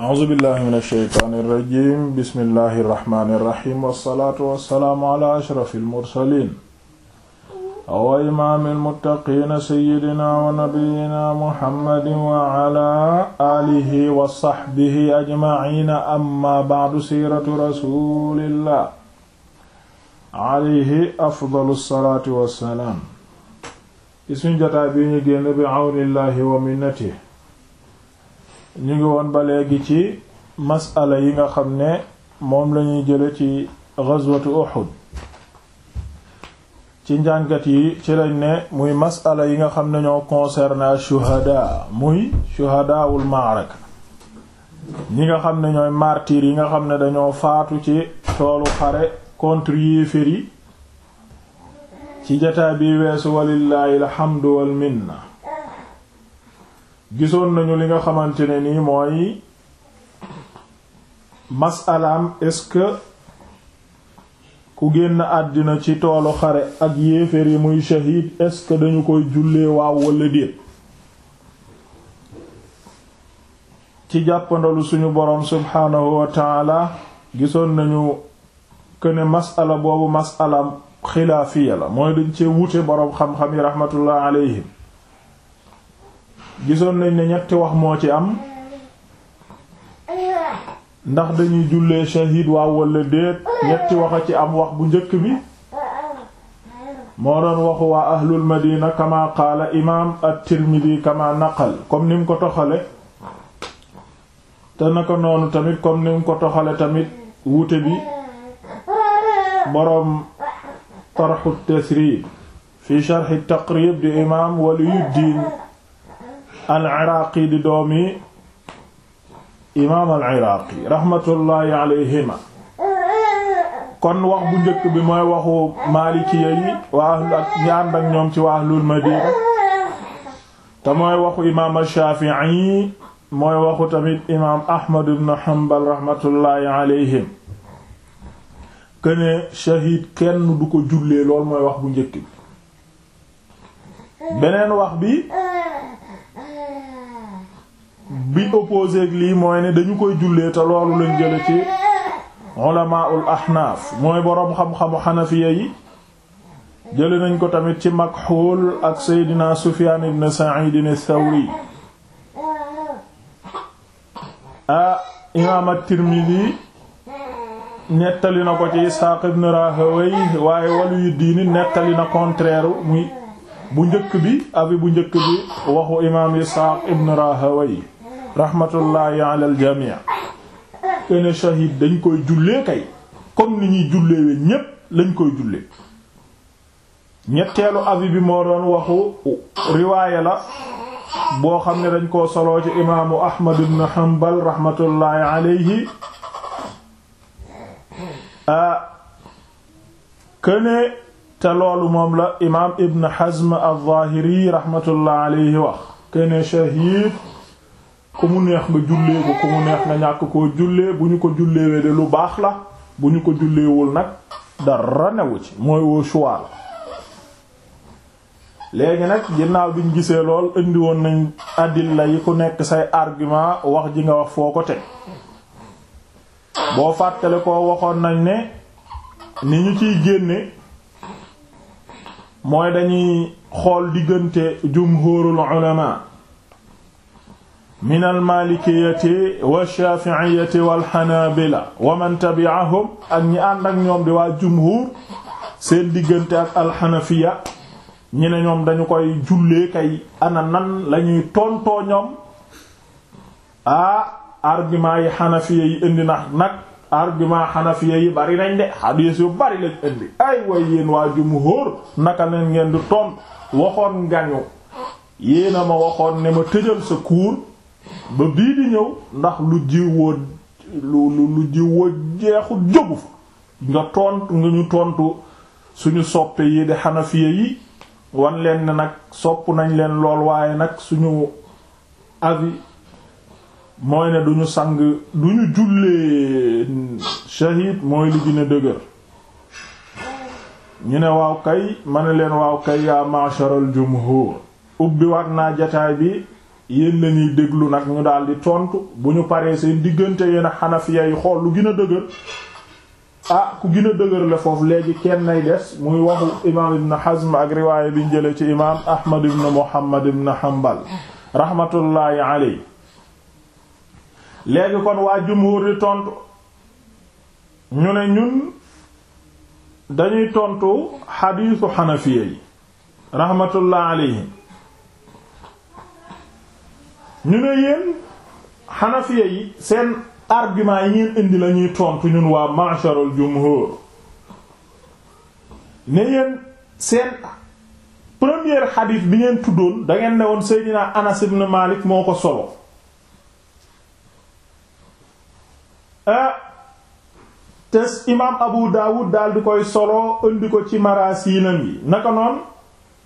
a'uuzu billahi min asheytaani irrajim bismillahi irrahmani irrahim wassalaatu wassalaamu ala ashrafi almursalin wa imaami almuttaqiina seyidina wa nabiyina muhammadin wa ala aalihi wa saxbihi ajmaciina amma bacdu siiratu rasulillah alayhi afdalu salaatu wassalaam isuñ jotaay bi ñu génn bi awnillahi wa minnatihi ñu ngi woon ba léegi ci masala yi nga xam ne moom lañuy jële ci ghazwatu Uhud ci njàngat yi ci lañ ne muy masala yi nga xam ne ñoo concerné shuhada muy shuhadaawul ma'raka ñi nga xam ne ñooy martyrs yi nga xam ne dañoo faatu ci toolu xare contre yéeféer yi ci jataa bi weesu walillaahi la wal minna gisoon nañu li nga xamante ne nii mooy masalaam est-ce que ku génn àddina ci toolu xare ak yéeféer yi muy shahid est-ce dañu koy jullee waaw walla déet ci jàppandalu suñu boroom subhaanahu wa gisoon nañu que ne masala boobu masalaam xilaafiya la mooy dañ ci wute boroom xam-xam yi rahmatullah alayhim gisoon nañ ne ñetti wax moo ci am ndax dañuy jullee shahid waaw walla déet ñetti wax ci am wax bu njëkk bi moo doon waxu waa ahlul madina kama qaala imaam at-Tirmidhi kama naqal comme ni mu ko toxale te naka noonu tamit comme ni mu ko toxale tamit wuute bi boroom tarxu tasrib fi sharh at-taqrib di imaam waliyuddin al iraaqi di doomi imaam al iraaqi raxmatullaahi alayhima kon wax bu njëkk bi mooy waxu maalikiya yi waa ak ñaan ak ñoom ci waa ahlul madina te mooy waxu imaam al shaafi'i mooy waxu tamit imaam ahmad ibn hanbal raxmatullaahi alayhim këne shahiid kenn du ko jullee lool mooy wax bu njëkk bi beneen wax bi bi opposé ak lii mooy ne dañu koy jullee te loolu lañ jële ci ulamaul boroom xam-xamu xanafiya nañ ko tamit ci Makxuul ak Seydina Sufyaan ibn Sa'iid tirmidi nettali na ko ci Isxaaq ibn Rahaway waaye walu diini nettali na contraire muy bu njëkk bi abi bu njëkk bi waxu imaam Isxaaq ibn Rahaway rahmatullahi ala al jamii ene shahid dañ koy jullee kay comme ni ñuy jullee we ñépp lañ koy jullee ñetteelu avis bi moo doon waxu riwaaya la boo xam ne dañ koo soloo ci imaamu ahmad ibn hanbal rahmatullahi alayhi a te loolu moom la imaam ibn hazm al-zahiri rahmatullahi alayhi wax këne shahid ku mu neex nga jullee ko ku mu neex nga ñàkk koo jullee bu ñu ko julleewee de lu baax la bu ñu ko julleewul nag dara newu ci mooy woo choix léegi nag ginnaaw bi ñu gisee lool indi woon nañ adilla yi ku nekk say argument wax ji nga wax foo ko teg boo fàttale ko waxoon nañ ne ni ñu ciy génne mooy dañuy xool diggante jum jumhurul ulama min almalikiyati walshafiiyati walxanabila wa man tabiahum ak ñi ànd ñoom di waa jumhur seen diggante ak alxanafiya ñi ne ñoom dañu koy jullee kay ana nan lañuy ñuy tontoo ñoom ah argument yi xanafiya yi indi na nag argument xanafiya yi bari nañ de xadiis yu bari lañ indi ay way yéen waa jumhur naka leen ngeen di tont waxoon ngañu yéena ma waxoon ne ma tëjal sa cours ba bii di ñëw ndax lu jiwoo lu lu jiwoo jeexul jógu fa nga tontu nga ñu tontu suñu soppe yi di xanafiya yi wan leen ne nag sopp nañ leen lool waaye nag suñu avis mooy ne duñu sang duñu jullee shahid mooy li gën dëgër ñu ne waaw kay ma ne leen waaw kay yaa ma'sharal jumhur ubbi waat naa jataay bi yéen la ñuy déglu nag ñu daal di tontu bu ñu paree seen diggante yéen a xanafiya yi xool lu gën a dëgër ah ku gën dëgër la foofu léegi kenn nay des muy waxu imaam ibn Hazm ak riwaaya biñ jëlee ci imaam Ahmad ibn Muhammad ibn Hanbal rahmatullahi alayhi léegi kon waa jumhur di tontu ñu ne ñun dañuy tontu xadiisu xanafiya yi rahmatullahi alayhi ñu ne yéen xanafiya yi seen argument yi ngeen indi la ñuy tontu ñun waa masharul jumhur ne yéen seen premier xadiis bi ngeen tuddoon dangeen ngeen ne woon Malik moo ko solo ah te imaam Abu Dawud daal di koy solo indi ko ci marasinam yi naka noonu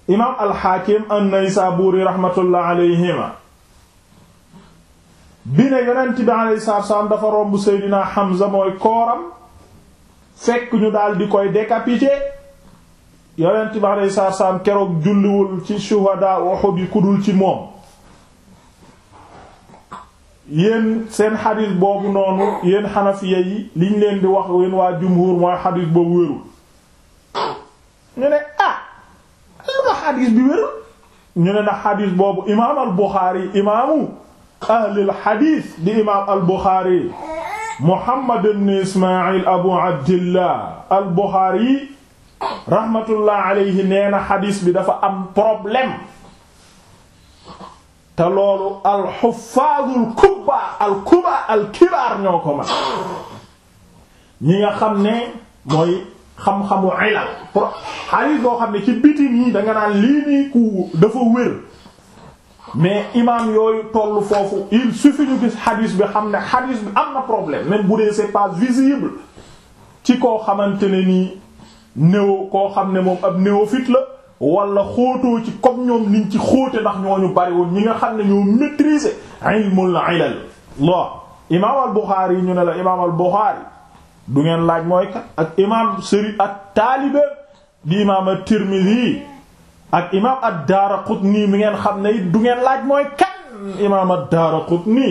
imaam al-Hakim an-Naysaburi rahmatullah alayhima bi ne yonent bi alayhi salaatu dafa romb Seydina Hamza mooy kooram fekk ñu daal di koy décapité yonent bi alayhi salaatu salaam keroog julliwul ci shuhada Uhud yi kudul ci moom yéen seen xadis boobu noonu yéen xanafiya yi liñ leen di wax yéen waa jumhur mooy xadis boobu wérul ñu ne ah lu ma xadis bi wérul ñu ne na xadis boobu imaam al imaamu ahlil xadiis di imaam al buxaari Muhammad ibn Ismaïl abu abdillah al buxaari rahmatullah alayhi nee na bi dafa am problème te loolu al xuffaadul al kubba al kibaar ñoo ko man ñi nga xam ne mooy xam-xamu ilal xadiis boo xam ne ci biti nii danga naan lii nii ku dafa wér mais imam yooyu tollu foofu il suffit ñu gis hadith bi xam ne hadith bi am na problème même bu dee c'est pas visible ci koo xamante ne nii néo koo xam ne moom ab fit la walla xóotoo ci comme ñoom niñ ci xóote ndax ñoo ñu bariwul ñi nga xam ne ñoo maîtriser ilmul ilal la imam al Bukhari ñu ne la imam al Bukhari du ngeen laaj mooy kat ak imam seri ak taalibe di imam at-Tirmidhi ak imaam ad-Daaraqutni mi ngeen xam ne it du ngeen laaj mooy kan imaam ad-Daaraqutni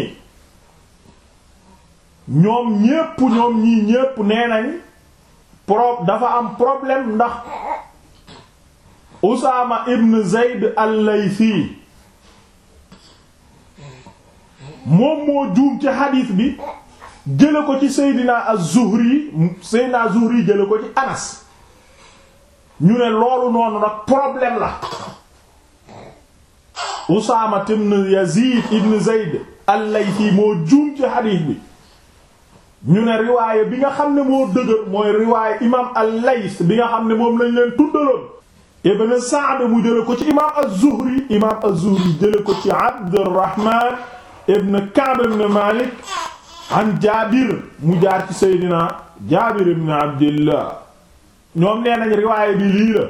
ñoom ñépp ñoom ñii ñépp nee nañ pro dafa am problème ndax Usaama ibn Zayd al-Laythi moom moo juum ci xadiis bi jële ko ci Seydina az-Zuhri Seydina az-Zuhri jële ko ci Anas ñu ne loolu noonu nag problème la Usaama ibn Yazid ibn Zayd al-Laythi moo juum ci xadiis bi ñu ne riwaayé bi nga xam ne moo dëgër mooy riwaayé imaam al-Layth bi nga xam ne moom lañ leen tuddaloon ibn Sa'd mu jële ko ci imaam az-Zuhri imaam az-Zuhri jële ko ci Abdurrahman ibn Ka'b ibn Malik an Jaabir mu jaar ci Seydina Jaabir ibn Abdillah ñoom nee nañ riwaaya bi lii la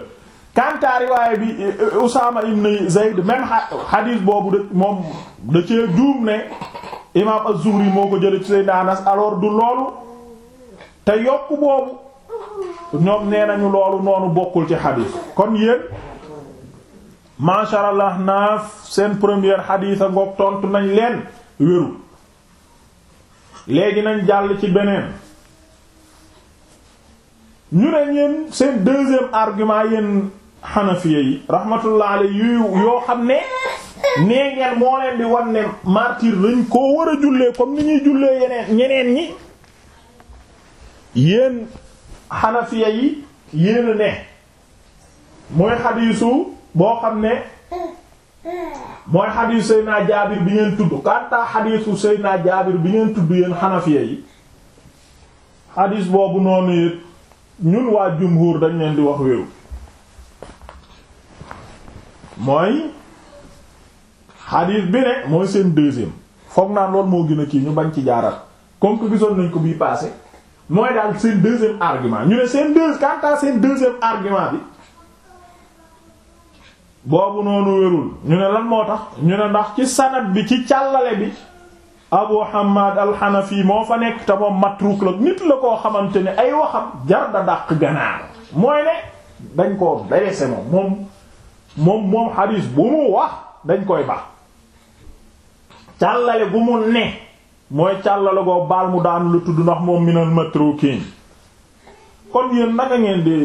kanta riwaaya bi eh, eh, Usaama ibn Zayd même hadith boobu de moom da cee juum ne imaam az-Zuhri moo ko jële ci Seydina Anas alors du loolu te yokk boobu ñoom nee nañu loolu noonu bokkul ci hadith kon yéen masha Allah naaf seen première hadith a tontu nañ leen wéru léegi nañ jàll ci beneen ñu ne yéen seen deuxième argument yéen xanafiya yi rahmatullah alayhi yoo xam ne nee ngeen moo leen di wan ne martyr lañ koo war a jullee comme ni ñuy jullee yeneen ñeneen ñi yéen xanafiya yi yéen ne mooy xadiisu boo xam ne mooy xadiisu Seydina Jaabir bi ngeen tudd kanta xadiisu Seydina Jaabir bi ngeen tudd yéen xanafiya yi xadiis boobu noonu it ñun waa jumhur dañ leen di wax wéeru mooy xadiis bi ne mooy seen deuxième foog naa loolu moo gin a kii ñu bañ ci jaaral comme que gisoon nañ ko bii passé mooy daal seen deuxième argument ñu ne seen deux quant à seen deuxième argument bi boobu noonu wérul ñu ne lan moo tax ñu ne ndax ci sanad bi ci càllale bi Abu Hamad al-Hanafi moo fa nekk te moom matruk la nit la koo xamante ni ay waxam jar da dàq ganaar mooy ne dañ koo blessé moom moom moom moom xadiis bu mu wax dañ koy baax càllale bu mu ne mooy càllale goo baal mu daanu lu tudd ndax moom minal matrukin kon yéen naka ngeen di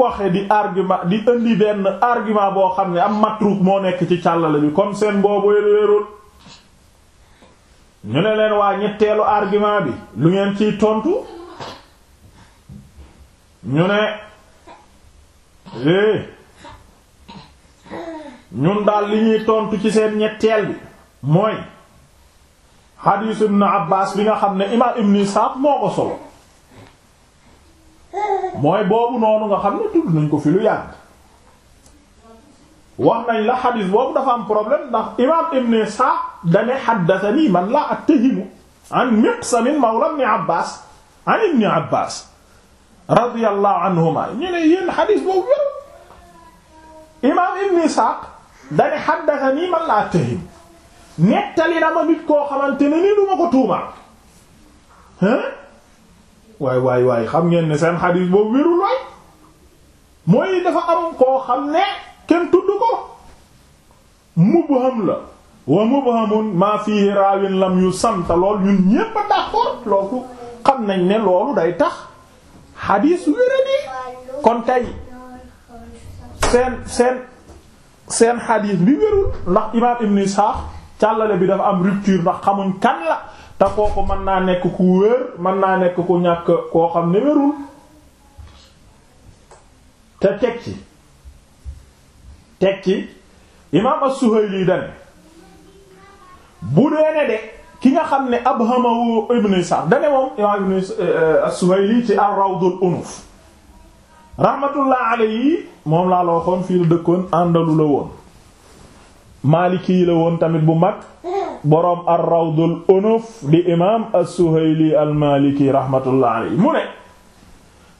waxe di argument di indi benn argument boo xam ne am matruk moo nekk ci càllale bi comme seen boobu wéerul ñu ne leen waa ñetteelu argument bi lu ngeen ciy tontu ñu ne eh ñun daal li ñuy tontu ci seen ñetteel bi mooy hadith ibn Abbas bi nga xam ne imaam ibn Isaaq moo ko solo mooy boobu noonu nga xam ne tudd nañ ko fi lu yàgg wax nañ la hadith boobu dafa am problème ndax imaam ibn Isaaq dane xaddatani man la an miqsamin mawla ibn abbas an ibn abbas radiyallahu anhuma ñu ne xadis boobu wér imam ibn isxaaq dane xaddatani man la attahimu ma nit koo xamante ne nii du ma ko waay waay waay xam ngeen ne seen xadis boobu wérul waay mooy dafa am koo xam ne kenn tudd ko mubham la wa mubhamun maa fihi raawin lam yu samta lool yu ñépp a d'accord loolu xam nañ ne loolu day tax xadiis wéradi kon tey seen seen seen xadiis bi wérul ndax imaam ibn Ishaq càllale bi dafa am rupture ndax xamuñ kan la te kooku mën naa nekk ku wér mën naa nekk ku ñàkk koo xam ne wérul te teg ci teg ci imaam as-Suhayli dane bu dee ne de ki nga xam ne abhamahu ibn Ishaq dane moom imaam ibn euh, as-Suhayli ci Unuf rahmatullah alayhi moom laa la waxoon fii la dëkkoon àndalu la woon maaliki la woon tamit bu mag boroom ar-Rawdul Unuf di imaam as-Suhayli al-Maliki rahmatullah alayhi mu ne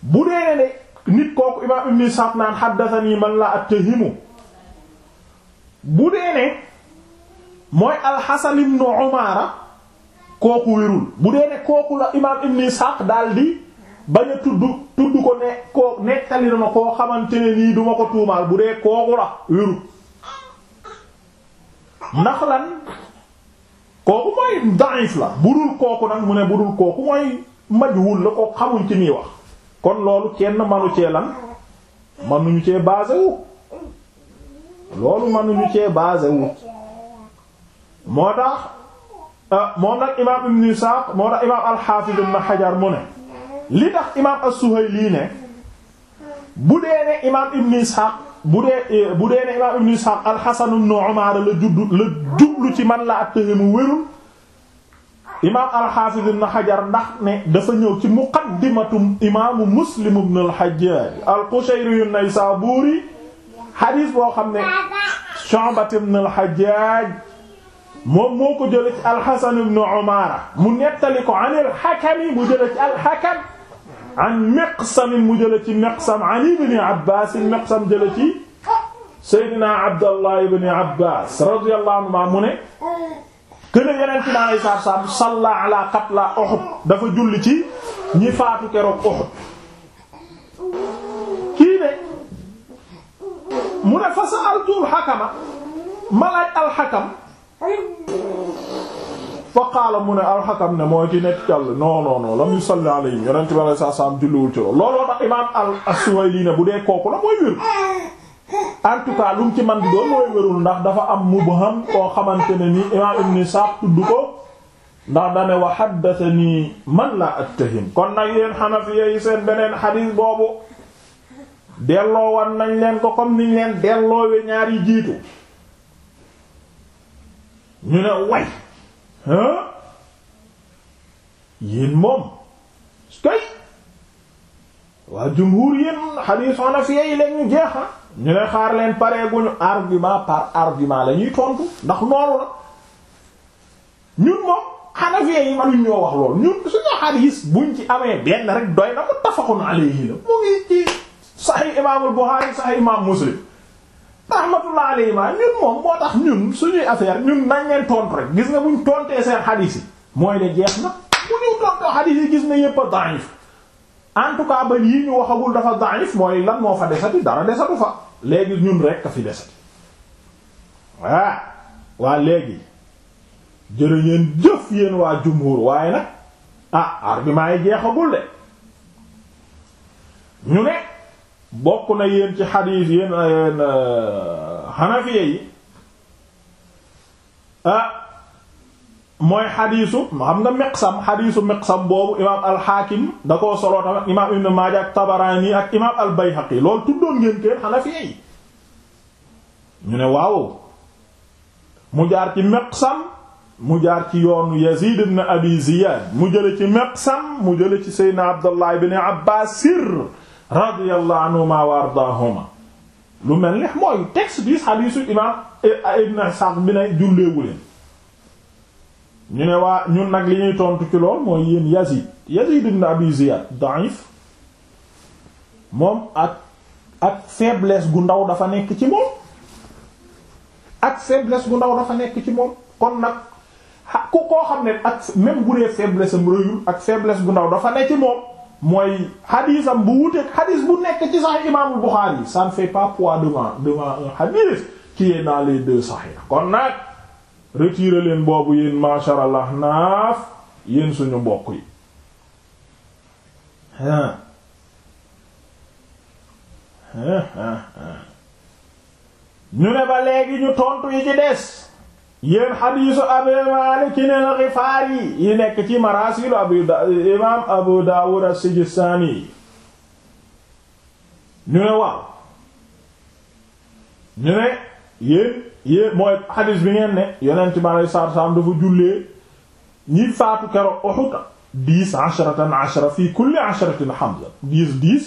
bu dee ne nit kooku imaam ibn Ishaq naan haddathani man la attahimu bu dee ne mooy alxasan ibnu umaara kooku wérul bu dee ne kooku la imaam ibnu Isaaq daal di bañ a tudd tudd ko ne koo nettali na ma koo xamante ne nii duma ko tuumaal bu dee kooku la wérul ndax lan kooku mooy da'if la bu dul kooku nag mu ne bu dul kooku mooy majwul la ko xamuñ ci muy wax kon loolu kenn manu cee lan manuñu cee basé wu loolu manuñu cee basé wu moo tax euh, moo tax imaam ibn Isaaq moo mu ne li tax imaam as-Suhayli ne bu dee ne imaam ibn Isaaq bu dee euh, bu dee ne imaam ibn Isaaq al-Hasan ibn ci man la attahimu wérul imaam al-Hafiz ibn ndax ne dafa ñëw ci muqaddimatum imaamu Muslim ibn al-Hajjaj al-Qushayri an-Naysaburi xadiis boo xam ne Shu'bat ibn al moom moo ko jële ci alxasan ibn umaara mu nettali ko an alxakami mu jële ci alxakam an miqsam mu jële ci miqsam an ibni abbas miqsam jële ci seydina abdallah ibni abbas radiyallahu anhuma mu ne këne yeneen ci daal saab saab salla ala qatla uhud dafa julli ci ñi faatu keroog uhud kii ne mu ne fa sa'altu alxakama ma laaj alxakam fa qaala mu ne alxakam ne mooy ki nekk càll non non non lam yusalli alayhim yonent bi alayhi salaam julliwul ci loolu looloo tax imaam al-Suwayli bu dee kooku la mooy wér en ci man di doon mooy wérul ndax dafa am mubham koo xamante ne ni imaam ibn Isaaq tudd ko ndax dane wa haddathani man la attahim kon nag yéen xanafiya yi seen beneen xadiis boobu delloo wan nañ leen ko comme niñ leen delloowe ñaari jiitu ñu ne way ah yéen moom kay waa jumhur yéen xadiis Hanafiya yi leen ñu jeexa ah? ñu ne xaar leen pareeguñu argument par argument la tontu ndax noonu la ñun moom Hanafiya yi mënuñ ñoo wax lool ñun suñu xadiis buñ ci amee benn rek doy na muttafaqun alayhi la mu ngi ci Sahih Imaamul Buxaari Sahih Imaam Muslim rahmatullah alayhima ñun moom moo tax ñun suñuy affaire ñun nañ tontu rek gis nga buñ tontee seen xadiis yi mooy ne jeex na bu ñu tontoo xadiis yi gis na yépp a da'if en tout cas ñu waxagul dafa da'if mooy lan moo fa desati dara desatu fa léegi ñun rek fi desati waa waa léegi jërë ngeen jëf yéen waa jumhur waaye nag ah argument yi jeexagul de ñu ne bokk na yéen ci xadiis yéen euh, xanafiya yi ah, mooy xadiisu xam nga miqsam xadiisu miqsam boobu imaam alxaakim da koo soloo tamit ibn maaja ak tabaraani ak imaam albayhaqi loolu tuddoon ngeen kër xanafiya yi ñu ne waaw mu jaar ci miqsam mu jaar ci yoon yazid ibn abi ziyad mu jële ci miqsam mu jële ci seydna abdullah ibn abbaasir radiyallahu anhuma wa ardaahuma lu mel ni mooy texte bi xadiisu imaam eh, ibn Sa'd bi ne julleewu leen ñu ne waa ñun nag li ñuy tontu ci lool mooy yéen Yazid Yazid ibn Abi Ziyad da'if moom ak ak faiblesse gu ndaw dafa nekk ci moom ak faiblesse gu ndaw dafa nekk ci moom kon nag ku koo xam ne ak même bu dee faiblesse am rëyul ak faiblesse gu ndaw dafa nekk ci moom mooy xadisam bu wuteeg xadis bu nekk ci sax imaamul Buxaari yi ça ne fait pas poids devant devant un xadis qui est dans les deux sahih kon nag retiré leen boobu yéen mashar Allah naaf yéen suñu mbokk yi ah ah ah ñu ne ba léegi ñu tontu yi ci des yéen xadiisu abi Maalik al Gifaari yi yi nekk ci maraasilu abu imaam Abu Daawud as-Sijistaani yi ñu ne waaw ñu ne mooy xadiis bi ngeen ne yonent bi alayhi salaatu salaam dafa jullee ñi faatu keroog Uhud dix ashratan ashra fii kulli ashratin Hamza dix dix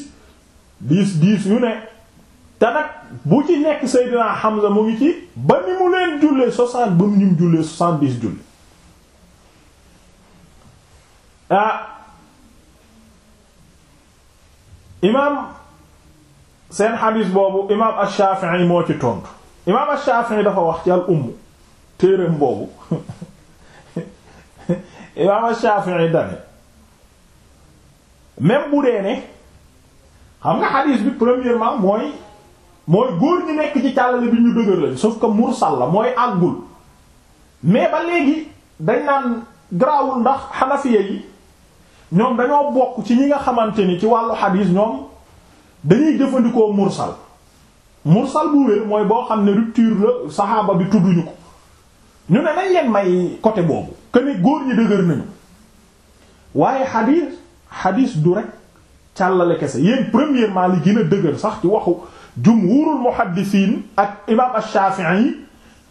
dix dix yu ne bu ci nekk Seydina Hamza mu ngi ci ba ni mu leen jullee soixante ba mu ñu jullee ah, imaam seen xadiis boobu imaam Ash-Shafi'i moo ci tontu imaam Ash-Shafi'i dafa wax ci al-Umm téereem boobu imaam Ash-Shafi'i dane même bu dee ne xam nga xadiis bi premièrement mooy mooy góor ñi nekk ci càllale bi ñu dëgër lañ sauf que mursal la mooy àggul mais ba léegi dañ naan garaawul ndax xanafiya yi ñoom dañoo bokk ci ñi nga xamante ni ci wàllu xadiis ñoom dañuy jëfandikoo mursal mursal bu wér mooy boo xam ne rupture la saxaaba bi tudduñu ko ñu ne nañ leen may côté boobu kën góor ñi dëgër nañu waaye xadiis xadiis du rek càllale kese yéen premièrement li gën a dëgër sax ci waxu jumhurul muhaddisiin ak imaam ash-Shafi'i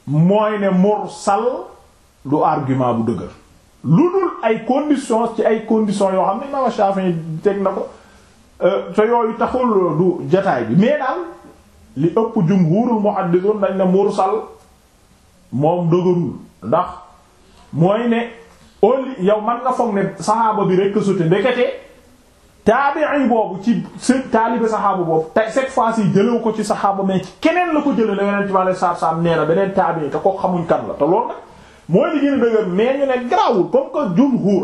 mooy ne mursal du argument bu dëgër lu dul ay conditions ci ay conditions yoo xam ne imaam ash-Shafi'i teg na ko euh, te yooyu taxul du jataay bi mais daal li ëpp jumhurul muhaddisuun dañ ne mursal moom dëgërul ndax mooy ne au yow man nga foog ne saxaaba bi rekk sute ndekete taabi'i boobu ci seen taalibe saxaaba boobu te cette fois-ci jëlew ko ci saxaaba mais ci keneen la ko jëlee la yonent bi alayhi salaatu salaam nee na beneen taabi'i te ko xamuñ kan la te loolu nag mooy li gën a dëgër mais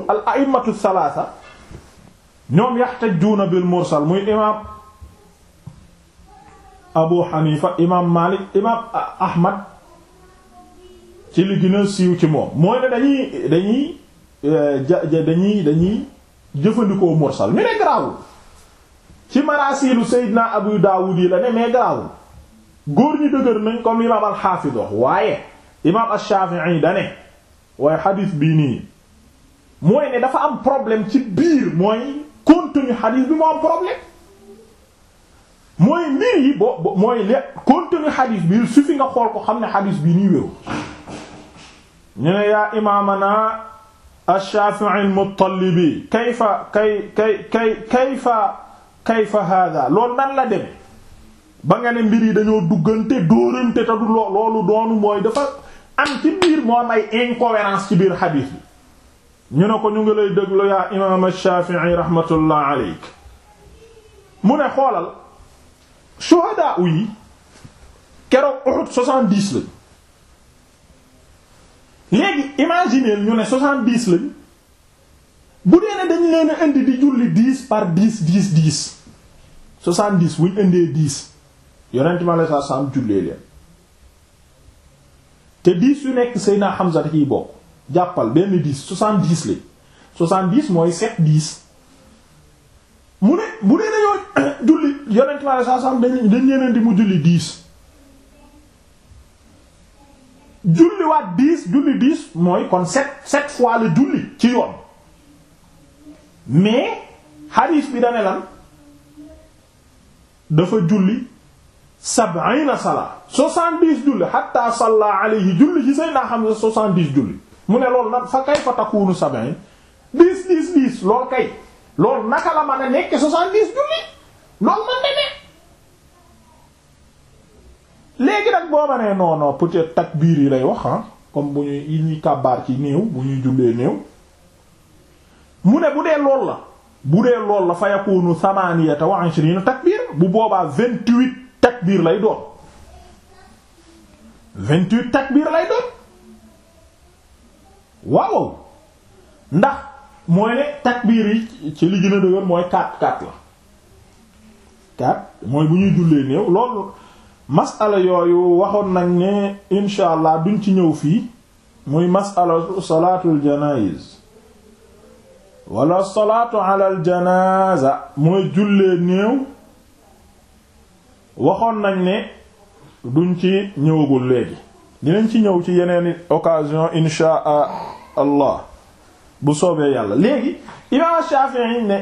al a'immatu salaasa ñoom yahtajjuuna bil mursal muy imaam Abu Hanifa imaam Malik imaam Ahmad ci li gën siiw ci moom mooy ne dañuy dañuy eh, dañuy. jëfandikoo mursal ñu ne garaawul ci maraasilu Seydina Abu Daawud yi la ne mais garaawul góor ñi dëgër nañ comme imaam al waaye imaam al-Shaafi'i da ne waaye xadiis bii nii mooy ne dafa am problème ci biir mooy contenu xadiis bi moo am problème mooy mbir yi bo mooy le contenu xadiis bi su fi nga xool ko xam ne xadiis bii nii wéew ñu yaa imaamana ash-Shafi'i al-Muttalibi kayfa kay kay kay kayfa kayfa hada loolu nan la dem ba nga ne mbir yi dañoo duggante dóorante te du loolu doonu mooy dafa am ci biir moo am ay incohérence ci biir xadiis bi ñu ne ko ñu ngi lay déglu yaa imaam ash-Shafi'i aleyk mu ne xoolal shuhadaa yi keroog Uhud soixante-dix lañu léegi imaginer ñu ne soixante-dix lañ bu dee ne dañ leen a indi di julli dix par dix dix dix soixante-dix bu ñu indee dix yonent ma la saa jullee leen te dix yu nekk Seydina Hamza da ciy bokk jàppal benn dix soixante-dix lañ soixante-dix mooy sept dix mu ne bu dee dañoo julli yonent ma la dañ dañ leen di mu julli dix julliwaat dix julli dix mooy kon sept sept fois la julli ci yoon mais hadith bi dane lan dafa julli sab'ina salaa soixante-dix julli hatta salla alayhi julli ci say naa xam ne soixante-dix julli mu ne loolu nag fa kay fa takunu sab'in dix dix dix loolu kay loolu naka la mën a nekk soixante-dix julli loolu man demee léegi nag boo ma nee non non peut-être takbiir yi lay wax ah, comme bu ñuy yi ñuy kàbbaar ci néew bu ñuy jullee néew mu ne bu dee lool la bu dee lool la fa yakunu thamaniyata wa ishrina takbiir bu boobaa vingt-huit takbiir lay doon vingt-huit takbiir lay doon waaw ndax mooy ne takbiir yi ci li gën a dëgër mooy quatre quatre la quatre mooy bu ñuy jullee néew loolu masala yooyu waxoon nañ ni incha allah duñ ci ñëw fii muy masala salaatul janaayiz wala salaatu alal janaaza mooy jullee néew waxoon nañ ne duñ ci ñëwagul léegi dinañ ci ñëw ci yeneen occasion incha allah bu soobee yàlla léegi imaam Shafi'i ne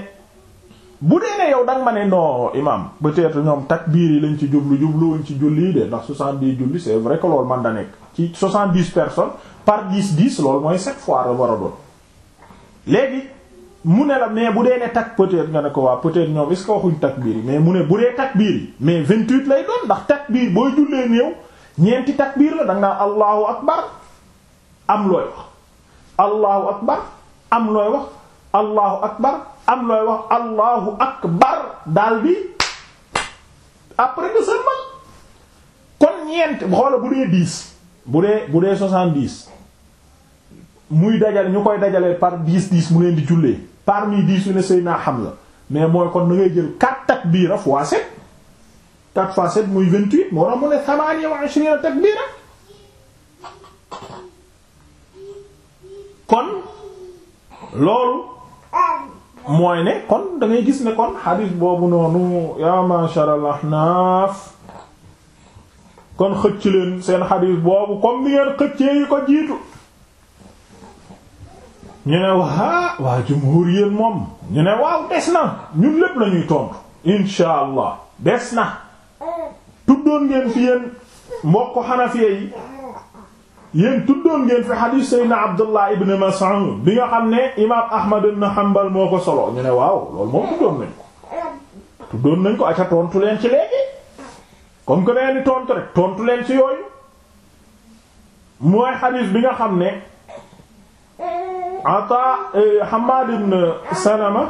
bu dee ne yow danga ma ne non imam peut-être ñoom takbiir yi lañ ci jublu jubluwuñ ci julli de ndax 70 julli c'est vrai que loolu man da nekk ci 70 personnes par 10 10 loolu mooy 7 fois la war a doon léegi mu ne la mais bu dee ne takk peut nga ne ko waa peut-être ñoom est-ce que waxuñ takbiir yi mais mu ne bu dee takbiir yi mais 28 lay doon ndax takbiir booy jullee néew ñeenti takbiir la danga naan allahu akbar am looy wax allahu akbar am looy wax allahu am looy wax allahu akbar daal bi après de seulement kon ñeent xoola bu dee dix bu dee bu dee soixante-dix muy dajale ñu koy dajalee par dix dix mu leen di jullee parmi dix yu ne Seydina Hamza mais mooy kon na ngay jël quatre takbira fois sept quatre fois set muy vingt-huit moo tax mu ne takbira kon loolu mooy ne kon da gis ne kon xadis boobu noonu yaa mashar al ahnaaf kon xëcc leen seen xadis boobu comme ni ngeen xëccee yi ko jiitu ñu ne waa waa jumhur moom ñu ne waaw des na ñun lépp lañuy tontu insha des na tuddoon ngeen fi yéen mbokk xanafiya yi yéen tuddoon ngeen fi xadiis Seydina Abdullah ibn Mas'ud bi nga xam ne imaam Ahmad ibn Hanbal moo ko solo ñu ne waaw loolu moom tuddoon nañ ko tuddoon nañ ko aca tontu leen ci léegi comme que nee ni tontu rek tontu leen ci yooyu mooy xadiis bi nga xam ne Ata eh, Hamad ibn Salama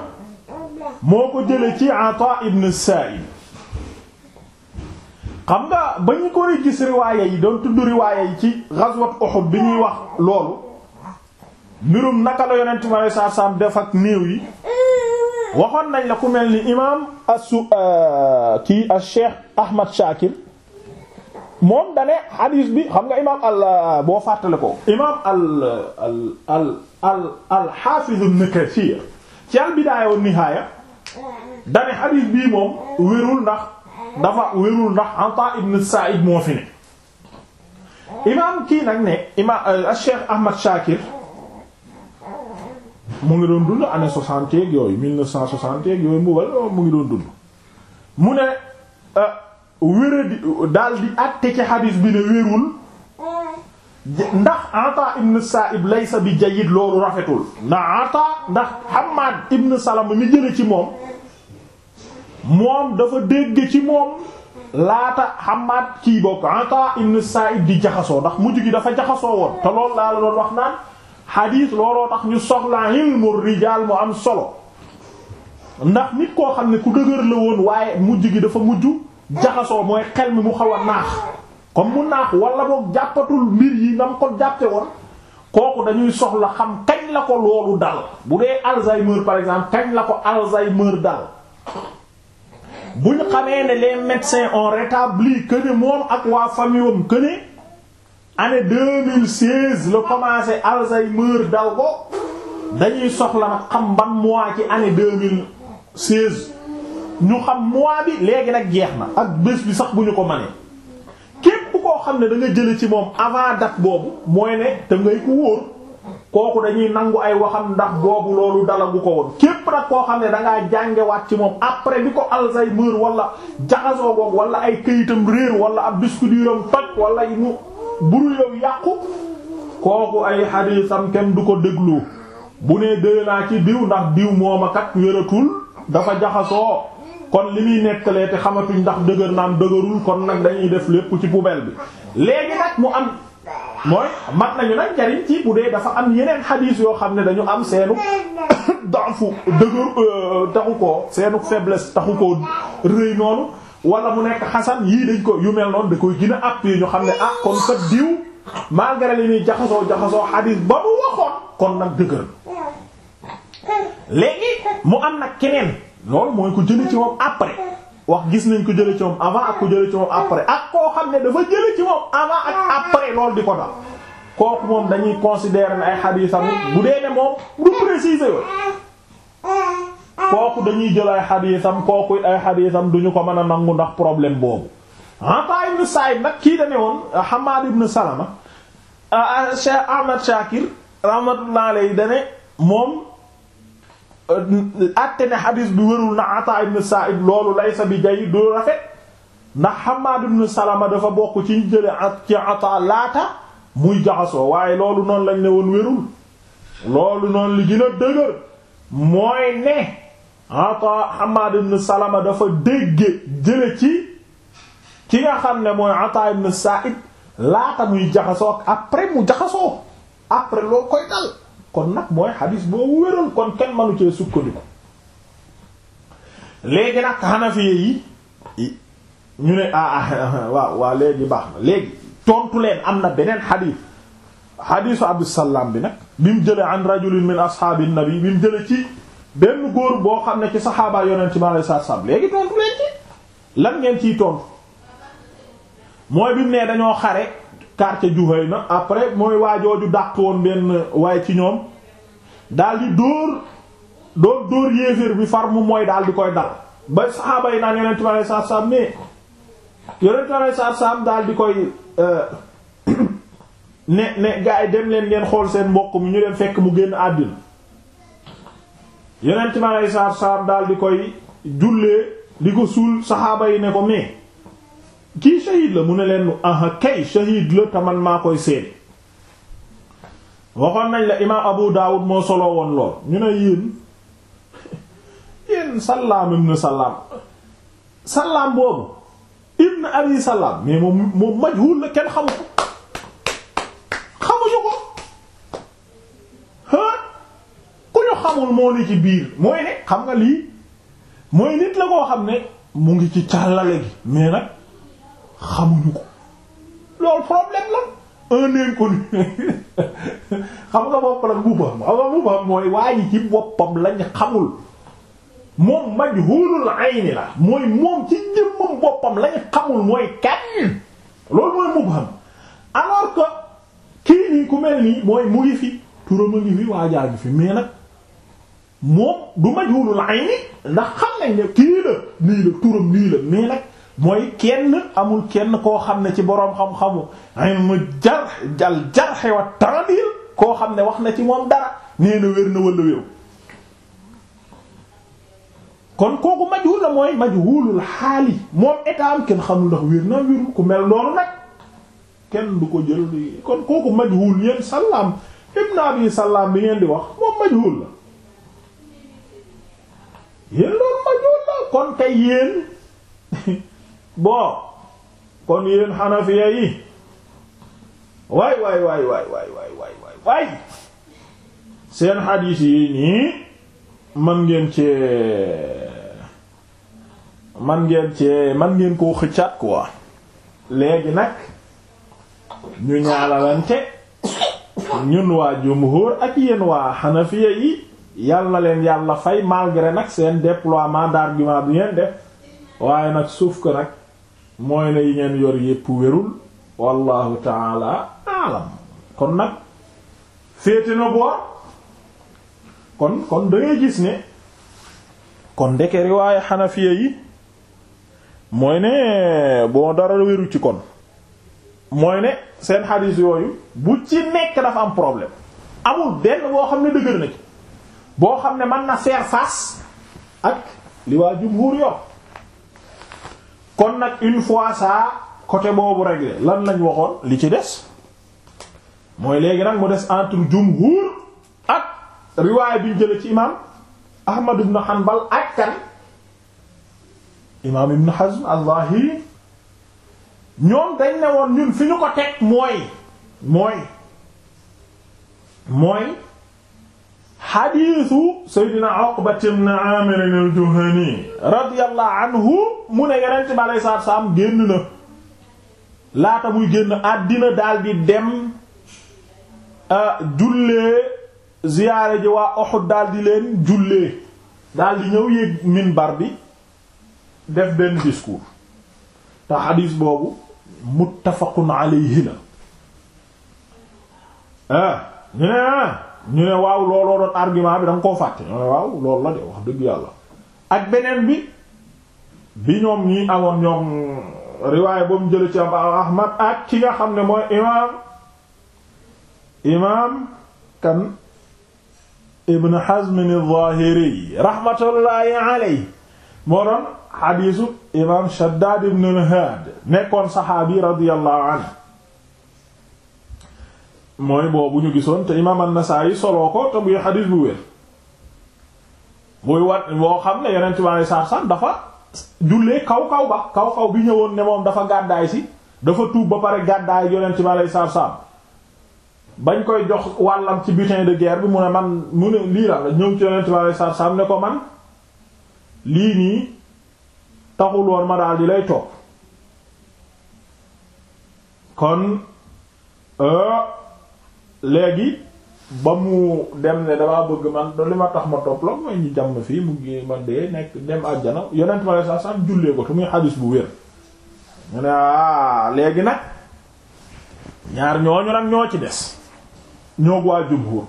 moo ko jële ci Ata ibn Sa'id xam nga ba ñu ko gis riwaaya yi doon tudd riwaaya yi ci ghazwat Uhud bi ñuy wax loolu mbirum naka la yonent bi alayhi salaatu salaam def ak néew yi waxoon nañ la ku mel ni imaam asu euh, kii a Cheikh Ahmad Shakir moom dane hadith bi xam nga imaam al euh, boo fàttale ko imaam al al al al al Hafiz Ibn Kathir ci al Bidaaya Nihaaya dane hadith bii moom wérul ndax dafa wérul ndax Ata ibn Sa'id moo fi ne imaam kii nag ne imaam euh, Cheikh Ahmad Shakir mu ngi doon dund année soixante yeeg yooyu mille neuf mu wala euh, mu ngi doon dund mu ne euh, wéradi daal di àtte ci xadiis bi ne wérul ndax Ata ibn Sa'ib laysa bi jayyid loolu rafetul ndax Ata ndax Hammad ibn Salama mi jële ci moom moom dafa dégg ci moom laata Hamad kii bokk Ata ibn Sa'id di jaxasoo ndax mujj gi dafa jaxasoo woon te loolu laa la doon wax naan xadiis looloo tax ñu soxla ilmu rijaal mu am solo ndax nit koo xam ne ku dëgër la woon waaye mujj gi dafa mujj jaxasoo mooy xel mi mu xaw a naax comme mu naax walla boog jàppatul mbir yi nga ko jàppe woon kooku dañuy soxla xam kañ la ko loolu dal bu dee Alzheimer par exemple kañ la ko Alzheimer dal bu ñu xamee ne les médecins on rétabli que ne moom ak waa famille am que ne année 2016 la commencé Alzheimer dal ko dañuy soxla nag xam ban mois ci année 2016 ñu xam mois bi léegi nag jeex na ak bés bi sax bu ñu ko mënee képp koo xam ne danga jële ci moom avant date boobu mooy ne te ngay ko wóor. kooku dañuy nangu ay waxam ndax boobu loolu dalagu ko woon képp nag koo xam ne dangaa jàngewaat ci moom après bi ko Alzheimer wala jaxasoo boog wala ay këyitam réer wala ab disque duram toj wala mu buru yow yàqu kooku ay xadiisam kenn du ko déglu bu nee dee naa ci diw ndax diw mooma kat wératul dafa jaxasoo kon li muy nekkalee te xamatuñ ndax dëgër naam dëgërul kon nag dañuy def lépp ci poubelle bi léegi nag mu am. mooy mag nañu nag njariñ ci bu dee dafa am yeneen xadiis yoo xam ne dañu am seenu daafu dëgër euh, taxu ko seenu faiblesse taxu ko rëy noonu wala mu nekk xasan yii dañ ko yu mel noonu da koy gën a appui ñu xam ne ah kon fa diw malgré li ñuy jaxasoo jaxasoo xadiis ba mu waxoon kon nag dëgër léegi mu am nag keneen loolu mooy ko jëli ci moom après wax gis nañ ko jële ci moom avant ak ko jële ci moom après ak koo xam ne dafa jële ci moom avant ak après loolu di ko dal kooku moom dañuy considérer ne ay xadiisam bu dee ne moom du préciser yooyu kooku dañuy jël ay xadiisam kooku ay xadiisam duñu ko mën a nangu ndax problème boobu Ata ibn Sa'id nag kii dane woon Hamad ibn Salama ah, ah, Cheikh Ahmad Shakir rahmatullahi alayhi dane moom atte ne xadis bi wérul na Ata ibn Sa'id loolu laysa bi jay du rafet ndax Hammad ibn dafa bokk ci jële ci Ata laata muy jaxasoo waaye loolu noonu lañ ne woon wérul loolu noonu li gën a dëgër mooy ne Ata Hammad ibn Salama dafa dégge jële ci ki nga xam ne mooy Ata ibn Sa'id laata muy jaxasoo ak après mu jaxasoo après loo koy dal kon nag mooy xadis boobu wéral kon kenn manu cee sukkandiku léegi nag xanafiye yi ñu ne ah, ah, ah, ah waaw waaw léegi baax na léegi tontu leen am na beneen xadis xadisu abdusalaam bi nag bi mu jëlee an rajulin min ashaabi nabi bi mu jëlee ci benn góor boo xam ne ci saxaaba yonent ci maalay saa saam léegi tontu leen ci lan ngeen ciy tontu mooy bi mu ne dañoo xare quartier Juhayna après mooy waajooju dàq woon benn waaye ci ñoom daal di dóor doon dóor yéeféer bi far mu mooy daal di koy dal ba saxaaba yi naan yonent bi alei satu salaam daal di koy euh, ne ne gaa yi dem leen ngeen xool seen mbokk mi ñu leen fekk mu génn àddina yonent bi alei satu salaam daal di koy jullee di ko suul saxaaba yi ne ko mais kii shahid la mu ne leen aha kay shahid la taman maa koy seede waxoon nañ la imaam Abu Dawud moo solo woon lool ñu ne yéen yéen Sallaam ibn Sallaam Sallaam boobu ibn Abi Sallaam mais moom moom majhul la kenn xamu ko xamuñu ko ah ku ñu xamul moo ni ci biir mooy ne xam nga lii mooy nit la koo xam ne mu ngi ci càllale gi mais nag. xamuñu ko loolu problème la un inconnu xam nga bopp la mubham xam nga mubham mooy waa ji ci boppam lañ xamul moom majhulul ayni la mooy moom ci jëmmam boppam lañ xamul mooy kan loolu mooy mubham alors que kii nii ku mel nii mooy mu ngi fi turam a ngi fi waajaa fi mais nag moom du majhulul ayni ndax xam nañ ne kii la nii la turam nii la mais nag mooy kenn amul kenn koo xam ne ci boroom xam-xamu ilmu jarh al jarh wa ta'dil koo xam ne wax na ci moom dara nee na wér na wala wéru kon kooku majhul la mooy majhulul xaali moom état am kenn xamul ndax wér naa wéru ku mel noonu nag kenn du ko jël kon kooku majhul yéen salaam ibn abi salaam bi ngeen di wax moom majhul la yéen loolu majhul la kon kay yéen bon kon yéen xanafiya yi waay waay waay waay waay waay waay seen xadiis yi nii man ngeen ci man ngeen ci man ngeen koo xëccaat quoi léegi nag ñu ñaalalante ñun waa jumhur ak yéen waa xanafiya yi yal na leen yàlla fay malgré nag seen déploiement d'argument bi ngeen def waaye nag suuf ko nag mooy ne yi ngeen yor yépp wérul wallahu taala alam kon nag féete na boor kon kon da gis ne kon ndeke riwaaye xanafiya yi mooy ne bon dara wéru ci kon mooy ne seen xadiis yooyu bu ci nekk dafa am problème amul benn boo xam ne dëgër na boo xam ne mën na faire face ak li waa jumhur yo kon nag une fois ça côté boobu réglé lan lañ waxoon li ci des mooy léegi nag mu des entre jumhur ak riwaay bi ñu jële ci imam Ahmad ibn Hanbal ak kan Ibn Hazm al-Zahiri ñoom dañ ne woon ñun fi ñu ko teg mooy mooy mooy xadiisu Seydina Uqba ibn Aamir al-Juhani radiyallahu anhu mu ne Yonent bi alayhi salaatu salaam génn na laata muy génn àddina daal di dem euh, jullee ziyaare ji waa Uhud daal leen jullee daal ñëw yéeg minbar bi def benn discours te xadiis boobu muttafaqun alayhi la ah ñu ne ah ñu ne waaw looloo bi da koo fàtte ñu ne loolu la de wax dëgg yàlla ak beneen bi bi ñoom ñi amoon ñoom riwaaya ba mu jël ci ab ahmad ak ci nga xam ne mooy imaam imaam kan ibn hazm al-zahiri rahmatullahi moo doon xadiisu imaam shaddaad ibn al nekkoon saxaabi radiyallahu anhu mooy boobu ñu gisoon te imaam an yi soloo ko te buy xadiis bu wér muy wat boo xam ne yeneen tubaab yi saabsan dafa jullee kaw kaw ba kaw kaw bi ñëwoon ne moom dafa gàddaay si dafa tuub ba pare gàddaay yeneen ci yi saabsan bañ koy jox wàllam ci butin de guerre bi mu ne man mu ne lii la ñëw ci yeneen tubaab yi saabsan ne ko man lii nii taxul woon ma daal di lay topp kon. Euh, léegi ba mu dem ne damaa bëgg man li ma tax ma topp la mooy ñu jàmm fii mu ngi ma dee nekk dem àjjana yonent ma saa sax jullee ko te muy xadis bu wér mu ne ah léegi nag ñaar ñooñu nag ñoo ci des ñoo waa jumhur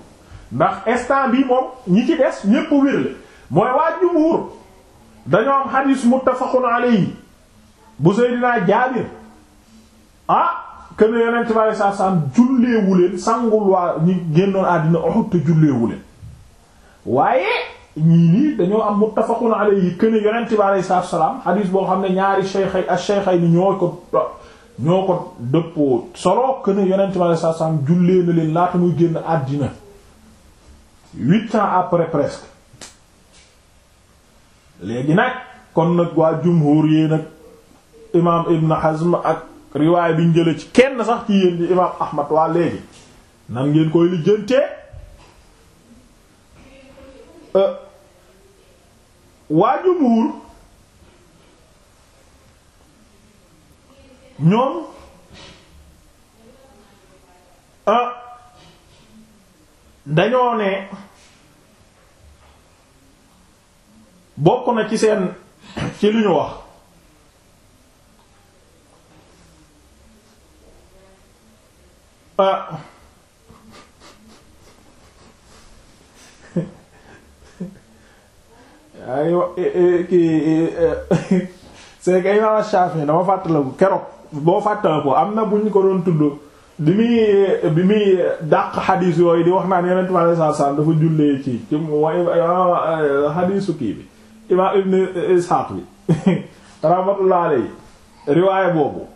ndax instant bi moom ñi ci des ñépp wér la mooy waa jumhur dañoo am xadis muttafaqun alayhi bu Seydina Jaabir ah kën yonent bi sallallahu alayhi wa sallam julleewu leen sangul waa ñi génnoon àddina Uhud te julleewu leen waaye ñii nii dañoo am muttafaqun alayhi kën yonent bi sallallahu alayhi wa sallam boo xam ne ñaari shaykhay ash-shaykhayni ñoo ko ñoo ko dëppoo solo kën yonent bi sallallahu alayhi wa jullee na leen laata muy génn àddina huit ans après presque léegi nag kon nag waa jumhur yi nag imaam Ibn Hazm riwaay biñ jële ci kenn sax ci yéen di imaam ahmad waa léegi nan ngeen koy lijjantee euh, waa jumhur ñoom euh, dañoo ne bokk na ci seen ci li ñu wax ah aywa kii c'est que imaam Shafi'i dama fàttaliku keroog boo fàttaliku am na bu ñu ko doon tudd bi muy bi muy dàq xadiis yooyu di wax naa Yonent bi sallallahu alayhi dafa jullee ci ci xadiisu kii bi imaam Ibn Ishaq bi rahmatullahi alayhi riwaaya boobu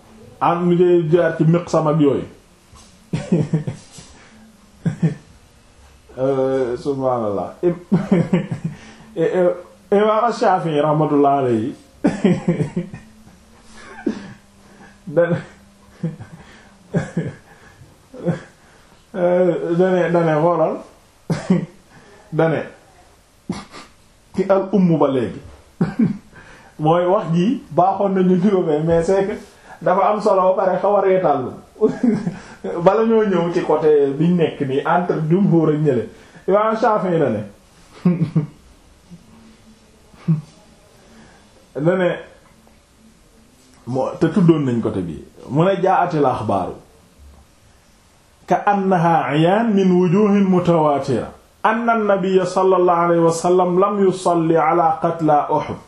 am ñu koy jaar ci Miqsam ak yooyu Euh, subhaanallah imaam eh, eh, Shaafi'i rahmatullah alayhi dane euh, dane dane xoolal dane ci al umm ba léegi mooy wax ji baaxoon nañu nirobee mais c'est que dafa am solo ba pare xaw a bala ñoo ñëw ci côté biñ nekk nii entre jumhur ak ñële imam Shafi'i na ne na ne moo te tuddoon nañ côté bii mu ne jaa'atil axbaaru ka annaha iyaan min wujuhin mutawaatira anna an-nabiyya sallallahu ala qatla Uhud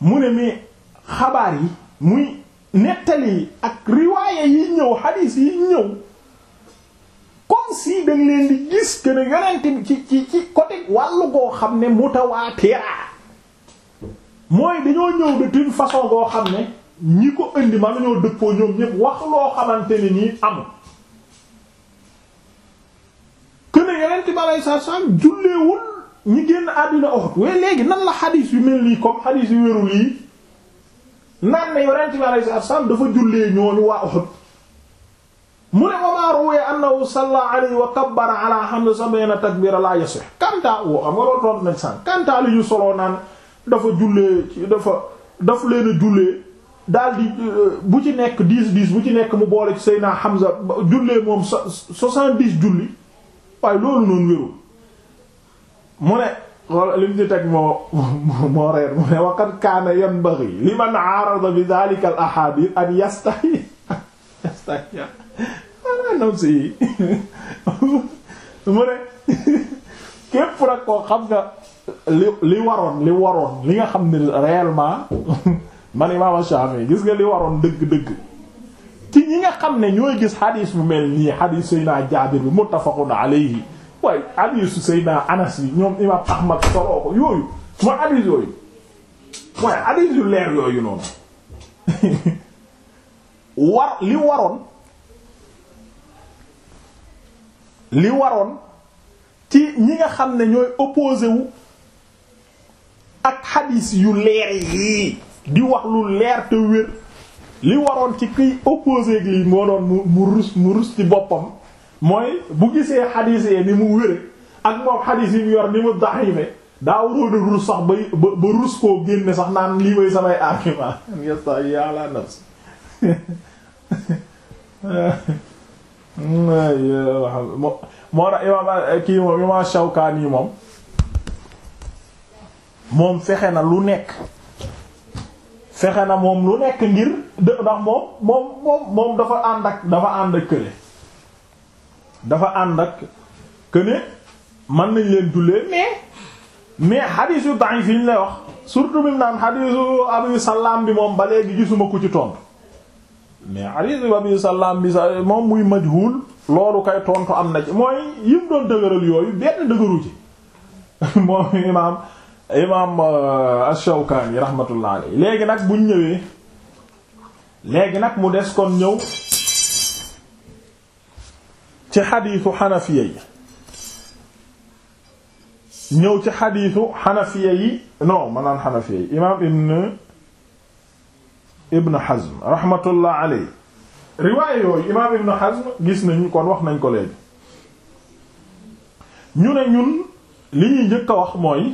mu ne mi xabaar yi muy nettali yi ak riwaaye yi ñëw xadiis yi ñëw comme si dañ leen di gis que ne yonent ci ci ci côté goo xam ne mutawaatira mooy dañoo ñëw de d'une façon goo xam ne ñi ko indi man nañoo dëppoo ñoom ñëpp wax loo xamante ni nii amul que ne yonent bi alayhi salaam julleewul ñi génn àddina oxot waaye léegi nan la xadiis yu mel nii comme xadiis yu wérul yi naan ne yonent bi alayhi salaatu wassalaam dafa jullee ñooñu waa Uhud mu ne wama ruwe annahu salla alayhi wa kabbara ala hamd sab'ina takbira la yasih kanta woo xam nga loolu toon nañ sànq kanta li soloo naan dafa jullee dafa daf leen jullee daal di euh, bu ci nekk dix dix bu ci nekk mu boole ci Seydina Hamza jullee moom soixante-dix julli waaye loolu noonu wérul mu ne wala lim ñu teg moo moo reer mu ne waqad kaana yanbaghi liman aarada bi dhalika al ahadith an yastahi yastahi ah, nam si mu ne képp rek koo xam nga li li waroon li waroon li nga xam ne réellement man imaam Shafi gis nga li waroon dëgg-dëgg ci ñi nga xam ne ñooy gis xadiis bu mel nii xadiis Seydina Jaabir bi muttafaqun alayhi waaye hadiisu Seydina Anas yi ñoom imam Ahmad soloo ko yooyu mooy hadiis yooyu mooy hadiis yu leer yooyu noonu war li waroon li waroon ci ñi nga xam ne ñooy opposé ak xadiis yu leer yii di wax lu leer te wér li waroon ci kiy opposé lii moo doon mu rus mu rus ci boppam mooy bu gisee xadiis yi ni mu wére ak moom xadiis yi mu yor ni mu daxife daa waroon a rus sax bay ba ba rus koo génne sax naan lii may samay argument yesta yàlla nafs moo moom yi moom moom fexe na lu nekk fexe na moom lu nekk ngir dë- ndax moom dafa ànd ak dafa ànd ak kële dafa ànd ak que ne mën nañ leen tullee mais mais xadiis yu da'if yi ñu lay wax surtout bi naan xadiisu Abu Salaam bi moom ba léegi gisuma ko ci tontu mais xadiisu Abu Salaam bi sa moom muy majhul loolu kay tontu am na ci mooy yim doon dëgëral yooyu benn dëgëru ci moom imaam imaam euh, Ash-Shawkani rahmatullah alayhi léegi nag buñ ñëwee léegi nag mu des kon ñëw. ci xadiisu xanafiya yi ñëw ci xadiisu xanafiya yi non ma naan xanafiya yi imaam ibn ibn Hazm rahmatullah aley riwaaya yooyu imaam ibn Hazm gis nañu kon wax nañ ko léegi ñu ne ñun li ñuy njëkk a wax mooy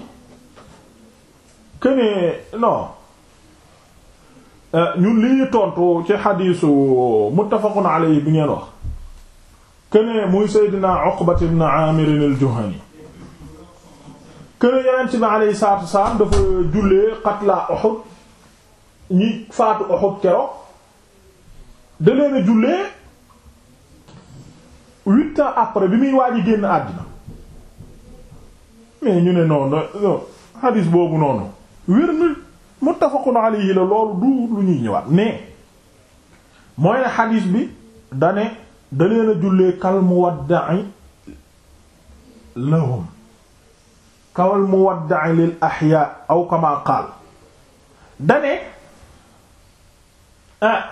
kënee non euh, ñun li ñuy tontu ci xadiisu muttafaqun aley bi ngeen wax këne muy Seydina Uqbat bi alayhi salaatu wassalaam dafa jullee qatla Uhud ñi faatu Uhud keroog da leen a jullee huit ans après bi muy waaj génn àddina mais ñu ne noonu hadis boobu noonu wér na muttafaqun alayhi la loolu du lu ñuy ñëwaat mais mooy ne hadis bi dane da leen a jullee kal muwadda'i lahum kal muwadda'i lil ahyaa aw kama qaal dane ah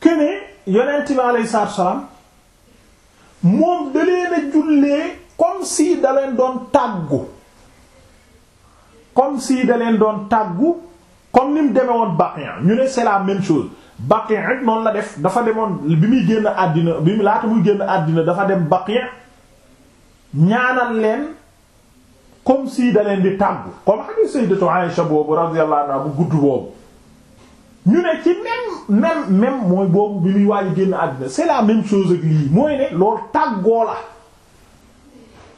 kene yonent bi alayhi salaatu wa salaam moom da leen jullee comme si da leen doon tàggu comme si da leen doon tàggu comme ni mu demee woon Baqiya ñu ne c'est la même chose Baqi' noonu la def dafa demoon bi muy génn àddina bi mu laata muy génn àddina dafa dem Baqi' ñaanal leen comme si da leen di tàggu comme hadith sayyidatu Aisha boobu radiyallahu anha bu gudd boobu ñu ne ci même même même mooy boobu bi muy waaj génn àddina c'est la même chose ak lii mooy ne loolu tàggoo la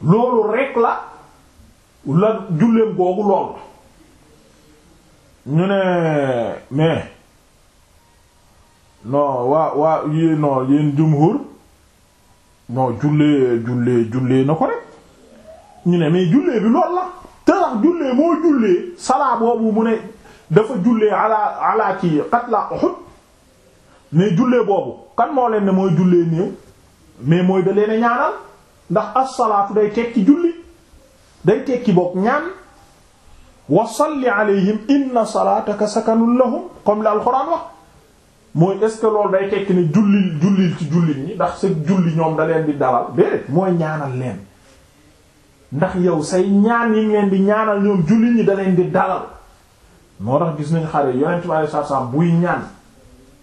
loolu rek la la julleem googu loolu ñu ne mais non waa waa yée non yéen jumhur non jullee jullee jullee na ko rek ñu ne mais jullee bi lool la te sax jullee moo jullee salaa boobu mu ne dafa jullee ala ala ci qatla Uhud mais jullee boobu kan moo leen ne mooy jullee néew mais mooy da leen ñaanal ndax as day tekki julli day tekki bokk ñaan wa salli alayhim inna salaataka sakanun lahum comme la alxuraan wax mooy est ce que loolu day tekki ne jullil jullil ci jullit ñi ndax sa julli ñoom da leen di dalal déedéet mooy ñaanal leen ndax yow say ñaan yi ngeen di ñaanal ñoom jullit ñi da leen di dalal moo tax gis nañ xare yonent bi alayhi buy ñaan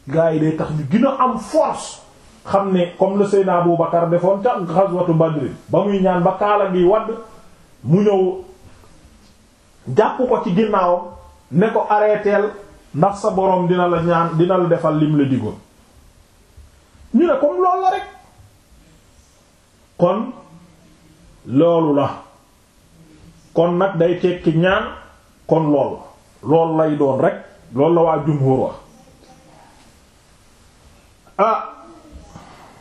gaa yi day tax ñu gën a am force xam ne comme le Seydina Abu Bakar defoon ca ghazwatu Badr ba muy ñaan ba kaala gi wadd mu ñëw jàpp ko ci ginnaawam ne ko arrêteel ndax sa boroom dina la ñaan dina la defal lim la digoon ñu ne comme loolu la rek kon loolu la kon nag day tekki ñaan kon lool lool lay doon rek loolu la waa jumhur wax ah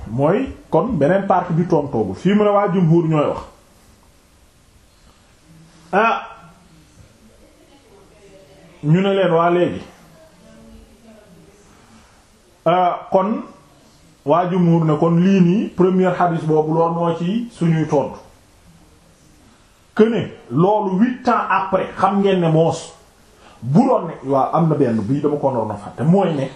mooy kon beneen partie bi tontoogu fii mu ne waa jumhur ñooy wax a ah, ñu ne leen waa léegi Euh, kon waa jumuur na kon lii nii premier hadith boobu loolu moo ci suñuy tontu que ne loolu huit ans après xam ngeen ne moos bu doon ne waaw am na benn bii dama ko doon a fàtte mooy ne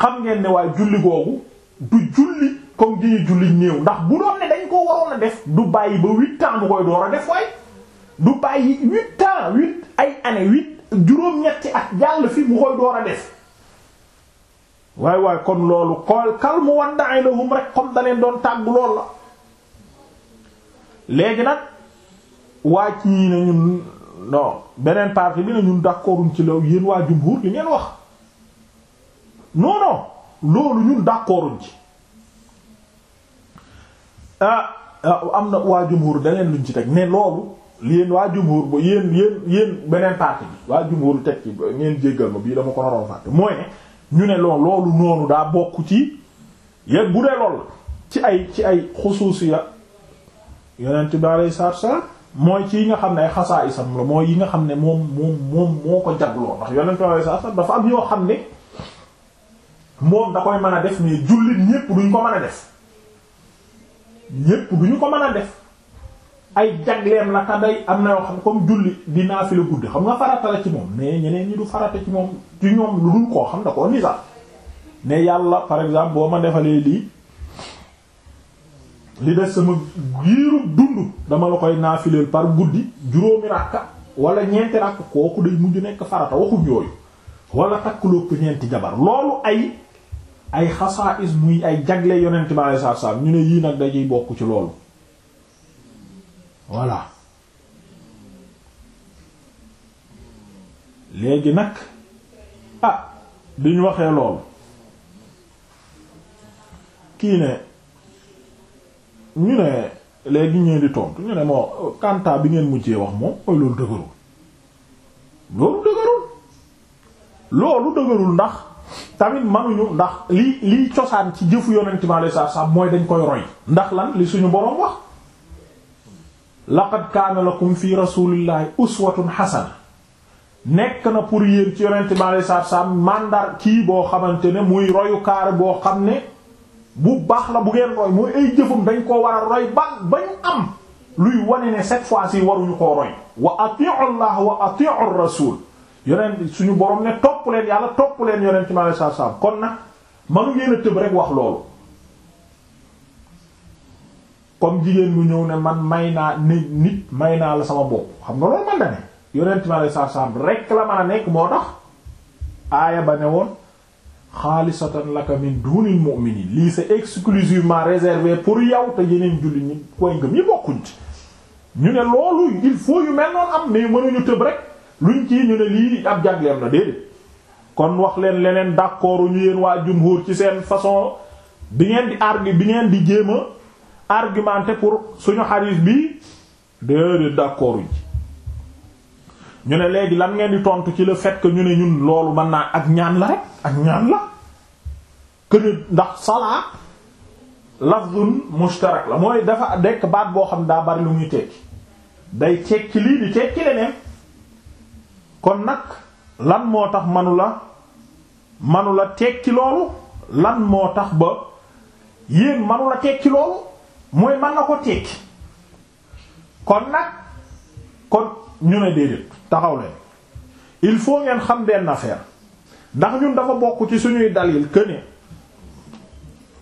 xam ngeen ne waaye julli googu du julli ko gi julli néew ndax bu doon ne dañ ko waroon a def du bàyyi ba huit ans mu a def du bàyyi huit ans huit ay années huit juróom-ñetti at jàll fi mu koy door a def. waaye waay kon loolu xool kal mu wadda'ay lahum rek comme da doon tàgg lool la léegi nag waa ci ñii ne ñun non beneen partie bi ne ñun d'accorduñ ci loolu yéen waa jumhur li ngeen wax non non loolu ñun d'accorduñ ci ah, ah am na waa jumhur daneen luñ ci teg ne loolu yéen waa jumhur ba yéen yéen yéen beneen partie bi waa jumhur teg ci ngeen jéggal ma bii dama ko naroon fàtte mooy ne ñu ne loo loolu noonu daa bokk ci yéen bu dee lool ci ay ci ay xusuusiya yonent bi alayhi salaatu wassalaam mooy ci yi nga xam ne ay xasaa isam la mooy yi nga xam ne moom moom moom moo ko jagloo ndax yonent bi alayhi salaatu wassalaam dafa am yoo xam ne moom da koy mën a def mais jullit ñépp duñ ko mën a def ñépp duñu ko mën a def ay jagleem la ka day am na yoo xam comme julli di naafila guddi xam nga farata la ci moom mais ñeneen ñi du farata ci moom ci ñoom lu dul koo xam da koo nisaab ne yàlla par exemple boo ma defalee lii li sama giiru dund dama la koy naafileel par guddi juróomi ràkka wala ñeenti ràkka kooku day mujj nekk farata waxuñ yooyu wala takk lopp ñeenti jabar loolu ay ay xasaa'is muy ay jagle yonent bi sallallahu alayhi wasallam ñu ne yii nag dañuy bokku ci loolu voilà léegi nag ah bi ñu waxee lool kii ne ñu ne léegi ñeen di tontu ñu ne moo kanta bi ngeen mujjee wax moom mooy loolu dëgërul loolu dëgërul loolu dëgërul ndax tamit manuñu ndax li liy cosaan ci jëfu yonent mi alayhi salaam mooy dañ koy roy ndax lan li suñu boroom wax laqad kaana lakum fi rasulillahi uswatun hasana nekk na pour yéen ci yonent bi alei satu salaam mandar kii boo xamante ne muy royu kaar boo xam ne bu baax la bu ngeen roy ay jëfam dañ koo war a roy ba ba am luy wane ne cette fois ci waruñu koo roy wa atii'u llah wa atii'u rasul yonent suñu borom ne topp leen yàlla topp leen yonent bi alei satu kon nag manu ngeen a tëb rek wax loolu comme jigéen bu ñëw ne man may naa ni nit may naa la sama bopp xam nga loolu man ne yonent ma lay saab rek la mën a nekk moo tax aaya ba ne woon xaalisatan laka min dunil mu'minin lii c'est exclusivement réservé pour yow te yeneen julli ñi koy ngëm yi bokkuñ ci ñu ne loolu il faut yu mel noonu am mais mënuñu tëb rek luñ ci ñu ne lii ab jagleem la déedéet kon wax leen leneen d'accord ñu yéen waa jumhur ci seen façon bi ngeen di argue bi ngeen di jéema argumenté pour suñu xadiis bi déedéet d'accord ñu ne léegi lan ngeen di tontu ci la fekk ñu ne ñun loolu mën naa ak ñaan la rek ak ñaan la que ndax salaa lafzun mushtarak la mooy dafa dekk baat boo xam daa bari lu muy tekki day tekki lii di tekki leneen kon nag lan moo tax manu la manu la tekki loolu lan moo tax ba yéen manula la tekki loolu mooy mën na ko tekki kon nag kon ñu ne déedéet taxaw leen il faut ngeen xam benn affaire ndax ñun dafa bokk ci suñuy dalil que ne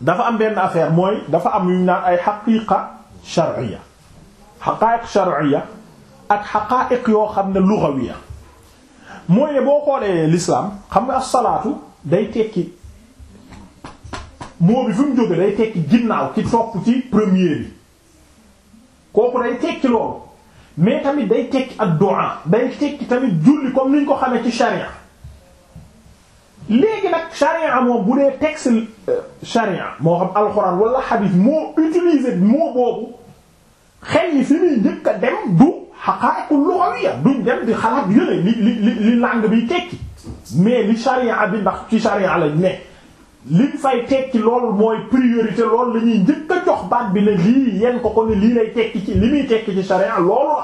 dafa am benn affaire mooy dafa am yuñ naan ay xaqiqa shar'iyya xaqaa'iq shar'iyya ak xaqaa'iq yoo xam ne lughawiyya mooy ne boo xoolee l'islam xam nga as-salaatu day tekki moo bi fi mu jóge day tekki ginnaaw ki topp ci premier bi kooku day tekki loolu mais tamit day tekki ak du'a day tekki tamit julli comme niñ ko xamee ci charia léegi nag charia moom bu dee texte charia euh, moo xam alxuraan wala xadiis moo utiliser moo boobu xel yi fi muy njëkk a dem du xaqaa'iqu lughawiyya duñ dem di xalaat yële li li li langue tekki mais li charia bi ndax ci charia lañ ne liñ fay tekki loolu mooy priorité loolu la ñuy njëkk a jox baat bi ne lii yenn ko ko ne lii lay tekki ci li muy tekki ci sharia loolu la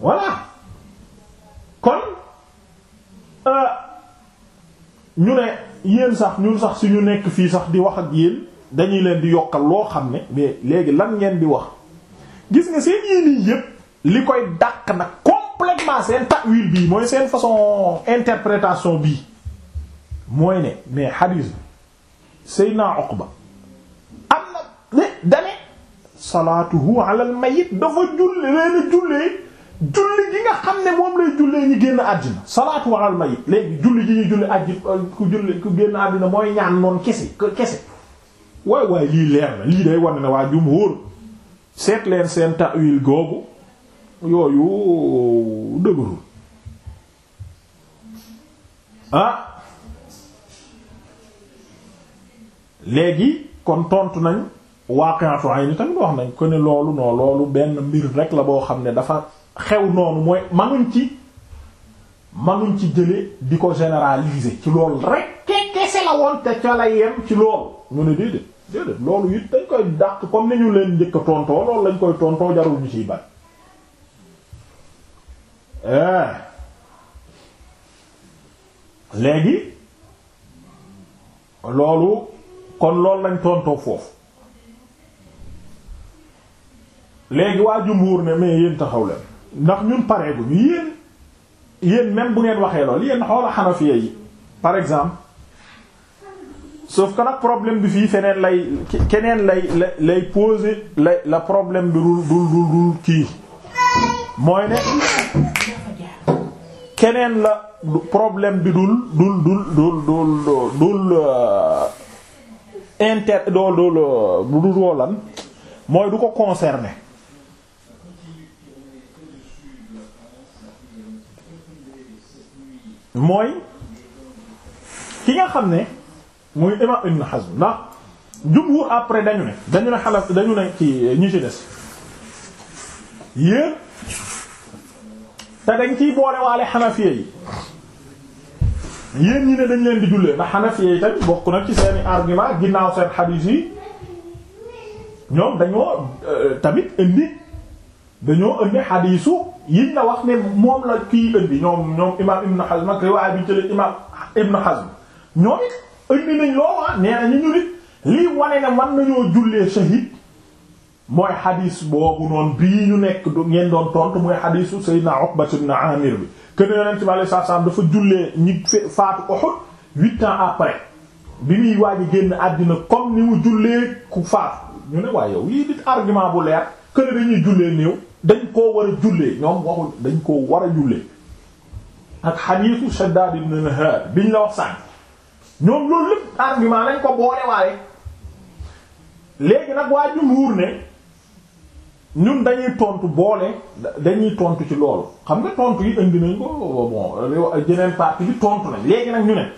voilà kon euh, ñu ne yéen sax ñu sax ñu nekk fii sax di wax ak yéen dañuy leen di yokkal loo xam ne mais léegi lan ngeen di wax gis nga seen yéen yépp li koy dàq nag complètement seen ta'wil bii mooy seen façon interprétation bii mooy ne mais xadiis bi Seydina Uqba am na dane salaatuhu ala al mayit dafa julli leena jullee julli gi nga xam ne moom lay jullee ñu génn àddina salaatu ala mayit léegi julli julli àddina euh, ku julli ku génn àddina mooy ñaan noon kese kese waay waay lii leer na lii day wane ne waa jumhur seet leen seen ta'wil googu yooyu dëgërul ah! léegi kon tontu nañ waaqi'atu ayni tamit wax nañ ko ne loolu non loolu benn mbir rek la boo xam ne dafa xew noonu mooy manuñ ci manuñ ci jële di ko généraliser ci loolu rek kese la te ca la yem ci loolu ñu ne déedéet déedéet loolu it dañ koy dàq comme ni leen njëkk a tontoo loolu lañ koy tontoo jarul ñu ciy bari eh. léegi loolu kon loolu lañ tontoo foofu léegi waa jumhuur ne mais yéen taxaw leen ndax ñun paree bu ñu yéen yéen même bu ngeen waxee lool yéen xoola xanafiya yi par exemple sauf que nag problème bi fii feneen lay keneen lay lay poser lay la problème bi dul kii mooy ne la problème bi dul dul dul dul dul dul euh, inter doo doo du doo lan mooy du ko concerné mooy ki nga xam ne muy imam Ibn Hazm ndax jumhur après dañu ne dañu ne xalaat dañu ne ci ñi ci des yéen te dañ ciy boolewaale xanafiya yi yéen ñi ne dañ leen di jullee ndax Hanafi yi tamit bokk na ci seeni argument ginnaaw seen xadiis yi ñoom dañoo euh, tamit indi dañoo indi xadiisu yi la wax ne moom la kii indi ñoom ñoom Ibn Hazm ak riwaaya bi jëlee imaam Ibn Hazm ñoom it indi nañ loolu ah, nee na ñu ñu nit lii wane ne man nañoo jullee shahid mooy xadiis boobu noonu bii ñu nekk ngeen doon tontu mooy xadiisu Sayyidina Uqba ibn Amir bi kën yonent bi alayhi salaam dafa jullee ñi faatu Uhud huit ans après bi muy waaj a génn àddina comme ni mu jullee ku faatu ñu ne waaye yow lii dit argument bu leer kën dañuy jullee néew dañ koo war a jullee ñoom waxul dañ koo war a jullee ak xadiisu Shaddaad ibn Nahaar biñ la wax sànk ñoom loolu lépp argument lañ ko boole léegi nag waa jumhuur ne ñun dañuy tontu boole dañuy tontu ci loolu xam nga tontu yi indi nañ ko bon jeneen partie bi tontu nañ léegi nag ñu ne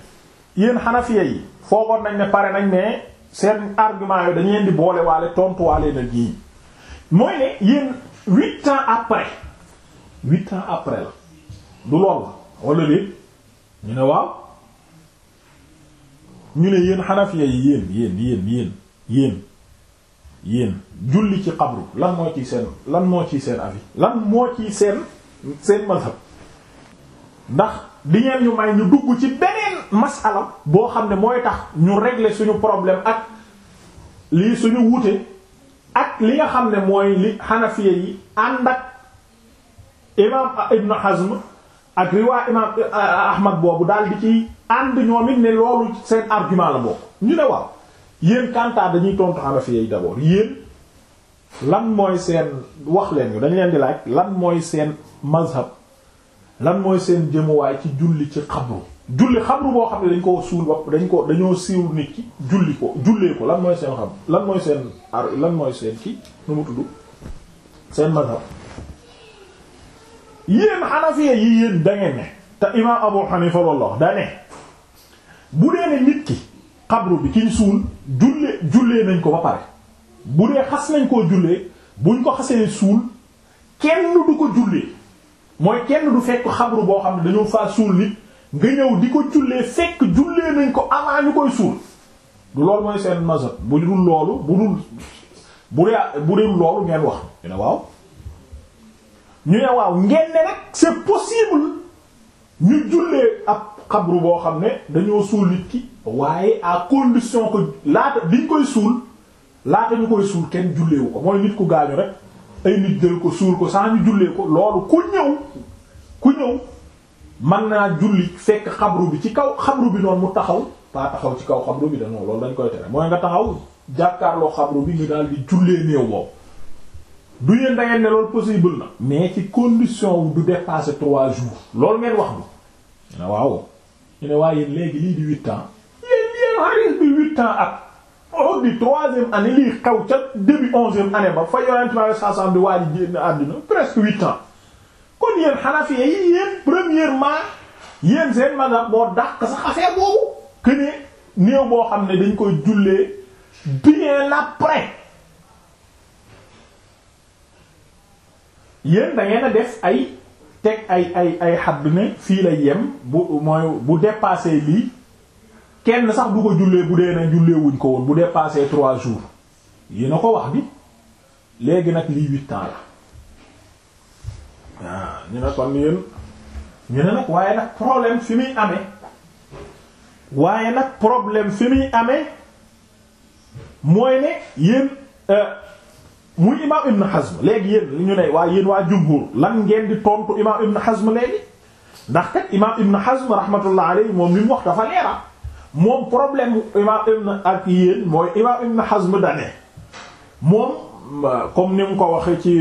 yéen Hanafiya yi foogoon nañ ne pare nañ ne seen argument yooyu dañu leen di boole waale tontuwaale na ji mooy ne yéen huit ans après huit ans après la du lool la wala léegi ñu ne waaw ñu ne yéen Hanafiya yi yéen yéen yéen yéen yéen yéen. julli ci xabru lan moo ci seen lan moo ci seen avis lan moo ci seen seen mazhab ndax di ngeen ñu may ñu dugg ci beneen masala boo xam ne mooy tax ñu régler suñu problème ak lii suñu wute ak li nga xam ne mooy li xanafiya yi ànd ak imam Ibn Hazm ak riwaa imam eh, Ahmad boobu daal di ci ànd ñoom it ne loolu seen argument la bokk ñu ne waaw yéen kantaa dañuy tontu xanafiya yi d'abord yéen lan mooy seen wax leen ñu dañ leen di laaj lan mooy seen mazhab lan mooy seen jëmuwaay ci julli ci xabru julli xabru boo xam ne dañ ko suul bopp dañ ko dañoo siiw nit ki julli ko jullee ko lan mooy seen xam lan mooy seen ar lan mooy seen ki nu mu tudd seen mazhab yéen xanafiya yi yéen da ne te imaam Abu Hanifa loolu da ne bu dee ne nit ki xabru bi kiñ suul jullee jullee nañ ko ba pare bu dee xas nañ koo jullee buñ ko xasee suul kenn du ko jullee mooy kenn du fekk xabru boo xam ne dañoo faa suul nit nga ñëw di ko jullee fekk jullee nañ ko avant ñu koy suul du loolu mooy seen mazhab bu dul loolu bu dul bu dee bu dul loolu ngeen wax ñu ne waaw ñu ne waaw ngeen ne nag c'est possible ñu jullee ab xabru boo xam ne dañoo suul nit ki waaye à condition que laata diñ koy suul laata ñu koy suul kenn wu ko mooy nit ku gaañu rek ay nit jël ko suul ko saa ñu jullee ko loolu ku ñëw ku ñëw man naa julli fekk xabru bi ci kaw xabru bi noonu mu taxaw pas taxaw ci kaw xabru bi danoonu loolu dañ koy tere mooy nga taxaw jàkkaarloo xabru bi nga daal di jullee néew boobu du yéen da ne loolu possible na mais ci condition wu du dépasser trois jours loolu ngeen wax bi ne waaw ñu ne waaye léegi lii di huit ans yéen yéen xaris bi Uhud di troisième année lii xew ca début onzième année ba fa yonent bi alayhi salaam di waaj génn àddina presque huit ans kon yéen Hanafiya yi yéen premièrement yéen seen mazhab boo dàq sax affaire boobu que ne néew boo xam ne dañ koy jullee bien après yéen da ngeen a def ay teg ay ay ay xadd ne fii lay yem bu mooy bu dépassé lii. kenn sax du ko jullee bu dee na jullee wuñ ko woon bu dee passé trois jours yi na ko wax bi léegi nag lii huit ans la ah, ñu ne kon yéen ñu ne nag waaye nag problème fi muy amee waaye nag problème fi muy amee mooy ne yéen euh, muy imaam Ibn Hazm léegi yéen li ñu ne waa yéen waa jumhur lan ngeen di tontu imaam Ibn Hazm léegi ndax kat imaam Ibn Hazm rahmatullah alayhi moom li mu wax dafa leera moom problème mu imaam ibn ak yéen mooy imaam ibn Hazm dane moom comme ni mu ko waxee ci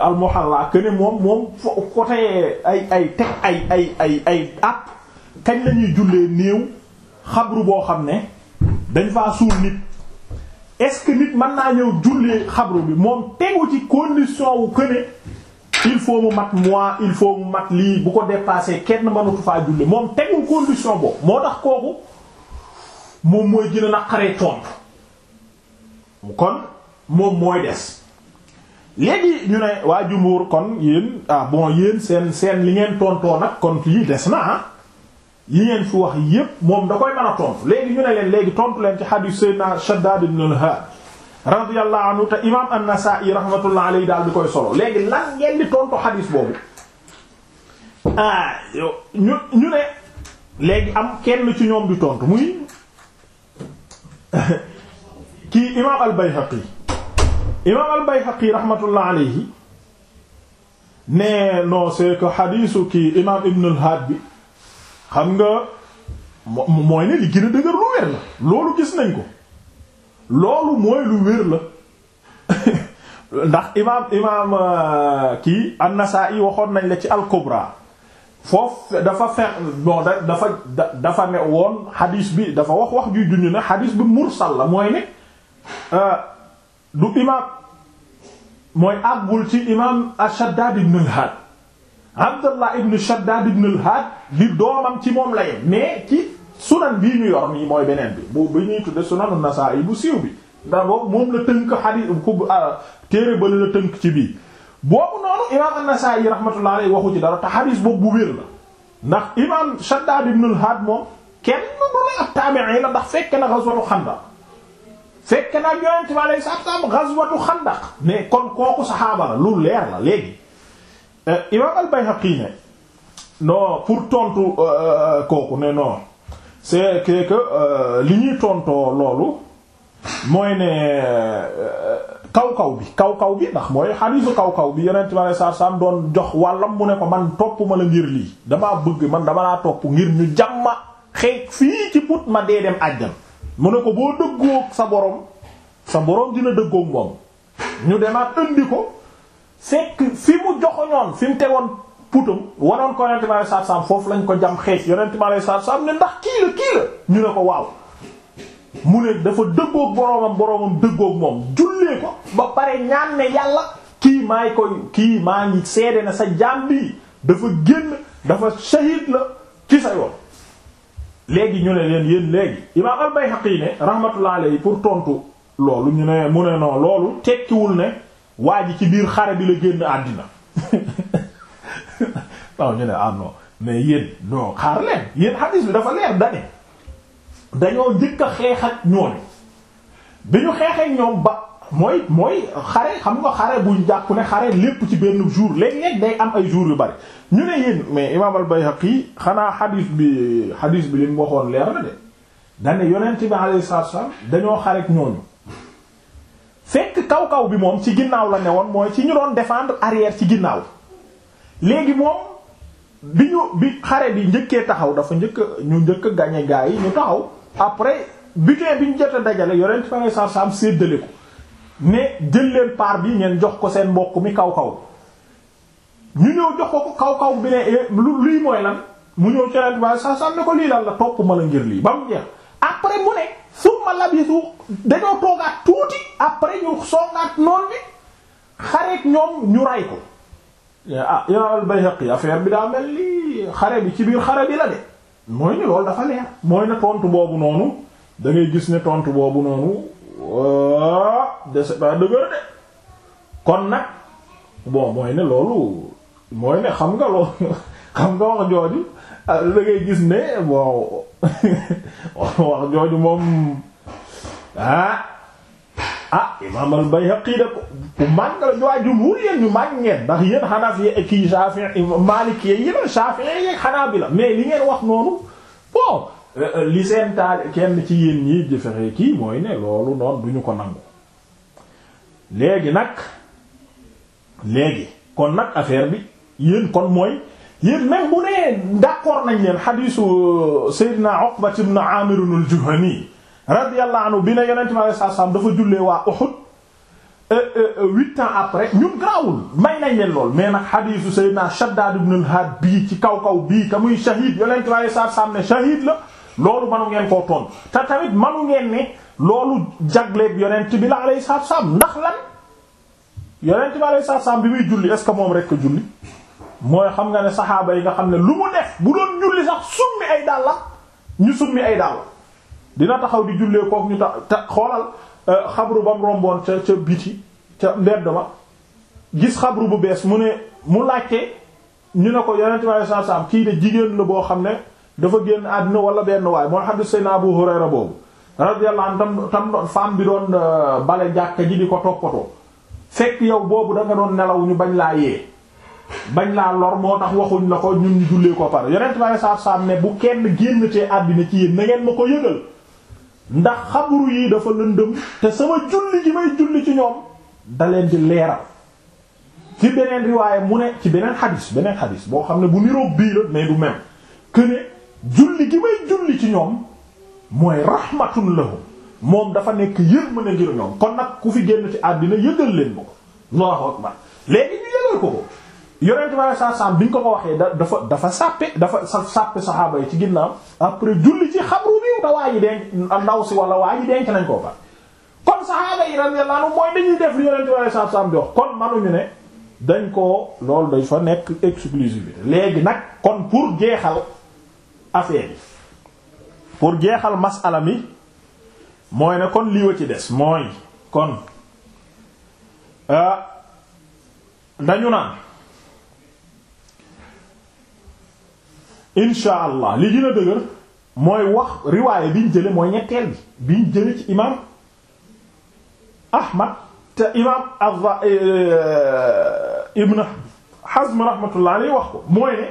al-Muhalla ne moom moom côté ay ay teg ay ay ay ay at kañ la ñuy jullee néew xabru boo xam ne dañ faa suul nit est-ce que nit mën naa ñëw jullee xabru bi moom tegu ci condition wu këne il faut mu mat mois il faut mu mat lii bu ko dépasser kenn mënatu faa julli moom tegu condition boobu moo tax kooku. moom mooy gën a naqaree tontu kon moom mooy des léegi ñu ne waa jumhur kon yéen ah bon yéen seen seen li ngeen tontoo nag kon lii des na ah yi ngeen fi wax yépp moom da koy mën a tontu léegi ñu ne leen léegi tontu leen ci hadith Seydina Shaddad ibn al-Had radiyallahu anhu te imaam an-Nasa'i rahmatullah alayhi daal di koy solo léegi lan ngeen di tontu hadith boobu ah ñu ñu ne léegi am kenn ci ñoom di tontu muy. kii imaam al-Bayhaqi imaam al-Bayhaqi rahmatullah alayhi ne non c'est que xadiisu kii imaam Ibn al bi xam nga mooy ne li gën a dëgër lu wér la loolu gis nañ ko loolu mooy lu wér la ndax imaam imaam euh, kii an-Nasa'i waxoon nañ la ci al-Kubra foofu dafa fe bon dafa dafa ne woon xadiis bi dafa wax wax juy junj ne xadiis bi mursal la mooy ne euh, du imaam mooy àggul ci imaam Shaddad ibn al-Had Abdallah ibn Shaddad ibn al-Had di doomam ci moom la yem mais ci sunan bii ñu yor nii mooy beneen bi bu bi ñuy tudde sunan an-Nasa'i bu siiw bi ndax boobu moom la tënk xadiis euh, téere ba la tënk ci bii boobu noonu imaam an-Nasaa'i rahmatullahi alayhi waxu ci dara te boobu bu wér la ndax imaam Shaddaad ibn al-Haad kenn du ne ab taabi'i la ndax fekk na ghazwatu Xandaq fekk na Yonent bi alayhi salaatu wa salaam ghazwatu Xandaq mais kon kooku saxaaba la lu leer la léegi euh, al-Bayhaqi ne non pour tontu euh, euh, kooku ne non c'est que li ñuy tontoo loolu mooy ne kaw-kaw bi kaw-kaw bi ndax mooy xadiisu kaw-kaw bi yonent bi saa saam doon jox wàllam mu ne ko man topp ma la ngir lii damaa bëgg man dama laa topp ngir ñu jàmma xëy fii ci put ma dee dem àjjal mu ne ko boo dëggoo sa borom sa borom dina dëggoo moom ñu demaat indi ko fekk fi mu joxoñoon fi mu tegoon putam waroon ko yonent bi saa saam foofu lañ ko jam xeec yonent bi saa saam ne ndax kii la ñu ne ko waaw mu ne dafa dëggoog boroomam boroomam dëggoog moom jullee ko ba pare ñaan ne yàlla kii maay koy kii maa ngi seede na sa jaam bii dafa génn dafa shahid la ci sa yoon léegi ñu ne leen yéen léegi imaam al-Bayhaqi ne rahmatullah alayhi pour tontu loolu ñu ne mu ne non loolu tekkiwul ne waa ji ci biir xare bi la génn àddina waaw ñu ne ah non mais yéen non xaar leen hadis bi dafa leer dane dañoo njëkk a xeex ak ñoom bi ñu xeexee ñoom ba mooy mooy xare xam nga xare buñ jàpp ne xare lépp ci benn jour léeg-léeg day am ay jours yu bari ñu ne yéen mais imaam al-Bayhaqi xanaa xadiis bi xadiis bi lim waxoon leer na de dane yonent bi alayhi salaatu dañoo xare ak ñooñu fekk kaw kaw bi moom ci ginnaaw la ne woon mooy ci ñu doon défendre arrière ci ginnaaw léegi moom bi ñu bi xare bi njëkkee taxaw dafa njëkk ñu njëkk gañe yi ñu taxaw après butin bi ñu jot a dajale yore bi aleyhi salaatu salaam séddale ko ne jël leen part bi ngeen jox ko seen mboq mi kaw kaw ñu ñëw jox ko ko kaw kaw bi ne eh, lii mooy lan mu ñëw ci yonent bi aleyhi ko lii lan la topp ma la ngir lii ba mu jeex après mu ne summa labisu dañoo toogaat tuuti après ñu songaat noon bi xareet ñoom ñu ray ko eh, ah Imaam al-Bayhaqi affaire bi daa mel ni xare bi ci biir xare bi la de mooy ni loolu dafa leer mooy ne tontu boobu noonu dangay gis ne tontu boobu noonu dese ba dëgër de kon nag bon mooy ne loolu mooy ne xam nga loolu xam nga wax jooju ah, da ngay gis ne bon wax jooju moom ah. ah imaam al-Bayhaqi da ko bu màgg la ñu waa yéen ñu màgg ngeen ndax yéen Hanafi kii Shafi'i Maliki yéen Shafi'i yeeg Hanabila mais wax noonu bon euh, euh, li taal kenn ci yéen ñii di fexe kii mooy ne loolu noonu duñu ko nangu léegi nag léegi kon nag affaire bi yéen kon mooy yéen même bu nee d'accord nañ leen hadiisu euh, Seydina Uqba ibn Aamir al-Juhani radiyallahu anhu bi ne yonent mi alayhi salaam dafa jullee waa Uhud euh, euh, euh, huit ans après ñun garaawul may nañ leen lool mais nag xadiisu Seydina Shaddaad ibn al-Haad bii ci kaw kaw bii ka muy shahid yonent mi alayhi salaam ne shahid la loolu manu ngeen koo toon te tamit manu ngeen ne loolu jagleeb yonent bi la alayhi salaam ndax lan yonent bi alayhi salaam bi muy julli est que moom rek ko julli mooy xam nga ne saxaaba yi nga xam ne lu mu def bu doon julli sax summi ay dàlla ñu summi ay dàlla dina taxaw di jullee kook ñu tax xoolal euh, xabru ba mu romboon ca ca biti ca ndedd ma gis xabru bu bees mu ne mu laajte ñu ne ko yonent bi saa saam kii de jigéen la boo xam ne dafa génn àddina wala benn waay moo xam ne Seydina Abu Hurayra boobu radiyallahu anhu tam tam doon femme euh, di ko toppatoo yow boobu da doon nelaw ñu bañ laa yee bañ laa lor moo tax waxuñ la ko ñun ñu jullee ko pare yonent bi saa ne bu kenn génn te àddina ci yéen na ngeen ma ko yëgal. ndax xabru yi dafa lëndëm te sama julli ji may julli ci ñoom da leen di leeral ci beneen riwaaya mu ne ci beneen xadis beneen xadis boo xam ne bu niroog bii la mais du même que ne julli gi may julli ci ñoom mooy rahmatun moom dafa nekk yërmande ngir ñoom kon nag ku fi génn ci àddina yëgal leen ma ko Allahu akbar léegi ñu yëgal ko ko yonent bi saa saam bi ñu ko ko waxee da dafa dafa sàppe dafa sàppe saxaaba yi ci ginnaaw après julli ci xabru bi da waa ji denc ndaw si wala waa ji denc nañ ko ba kon saxaaba yi radiyallahu mooy dañuy def li yonent bi saa saam di wax kon manuñu ne dañ koo loolu dañ fa nekk exclusivité léegi nag kon pour jeexal affaire yi pour jeexal masala mi mooy ne kon lii ci des mooy kon euh, dañu naan insha allah li gën a dëgër mooy wax riwaaye biñ jële mooy ñetteel bi biñ jële ci imaam ahmad te imaam a euh, ibn hazm rahmatullah alayhi wax ko mooy ne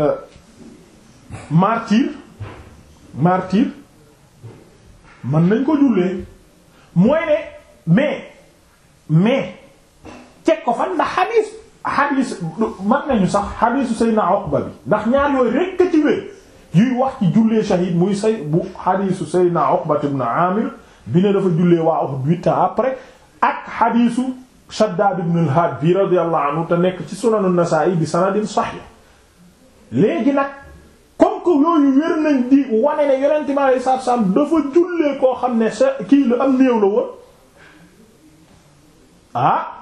euh, martyr martyr mën nañ ko jullee mooy ne mais mais teg ko fan ndax xadiis xadiis man nañu sax xadiisu Seydina Uqba ndax ñaar yooyu rekk ci wér yuy wax ci jullee muy say bu xadiisu Seydina Uqba ibn Amir bi ne dafa jullee waa Uhud huit ans après ak xadiisu Shaddaad ibn al-Haad bi radiyallahu anhu te nekk ci sunanu Nasaa'i bi sanadin sahih léegi nag comme que yooyu wér nañ di wane ne Yonent mi alayhi salaatu salaam dafa jullee koo xam ne sa kii la am néew la woon ah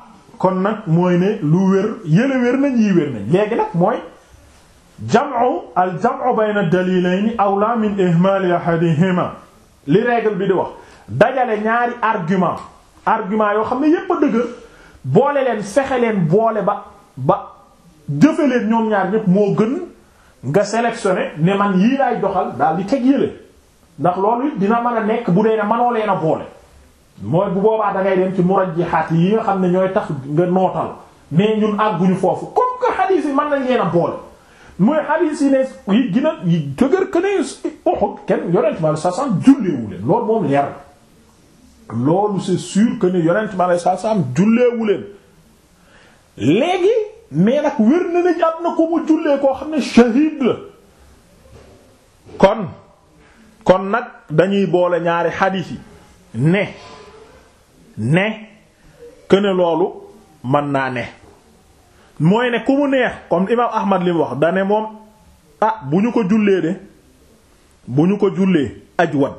kon nag mooy ne lu wér yële wér nañ yi wér nañ léegi nag mooy jam'u al jam'u bayna dalilayni awla min ihmal ahadihima li règle bi di wax dajale ñaari argument argument yoo xam ne yépp a dëgg boole leen fexe leen boole ba ba jëfe leen ñoom ñaar ñépp moo gën nga sélectionné ne man yii laay doxal daal di teg yële ndax loolu dina man a nekk bu dee ne manoo leen a boole mooy bu boobaa dangay ngay dem ci murajjihaat yi nga xam ne ñooy tax nga nootal mais ñun àgguñu foofu comme que xadiis a boole mooy ne yi gën a yi dëgër que ne Uhud ma sa sam julleewu leen loolu moom leer la loolu c'est ma sa sam julleewu leen léegi mais wér na nañ am na ko mu koo xam ne kon kon nag dañuy boole ñaari xadiis yi ne ne que loolu mën naa ne mooy ne ku mu neex comme imaam Ahmad li wax da moom ah bu ñu ko jullee de bu ñu ko jullee ajwad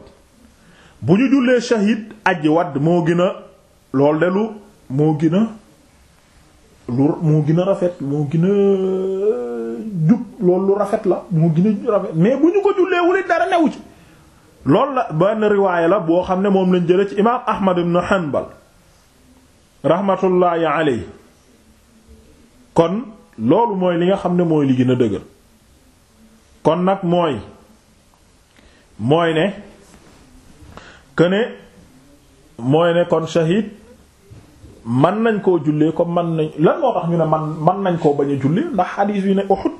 bu ñu jullee shahid ajwad moo gën a lool de lu moo gën a lu moo gën a rafet moo gën a jub loolu lu rafet la moo gën a rafet mais bu ñu ko jullee wulit dara newu ci loolu la benn riwaaya la boo xam ne moom lañ jële ci imaam Ahmad ibn Hanbal rahmatullaahi alayhi kon loolu mooy li nga xam ne mooy li gën a dëgër kon nag mooy mooy ne këne mooy ne kon shahid mën nañ koo jullee ko mën nañ lan moo tax ñu ne man mën nañ koo bañ a julli ndax xadiis yi ne Uhud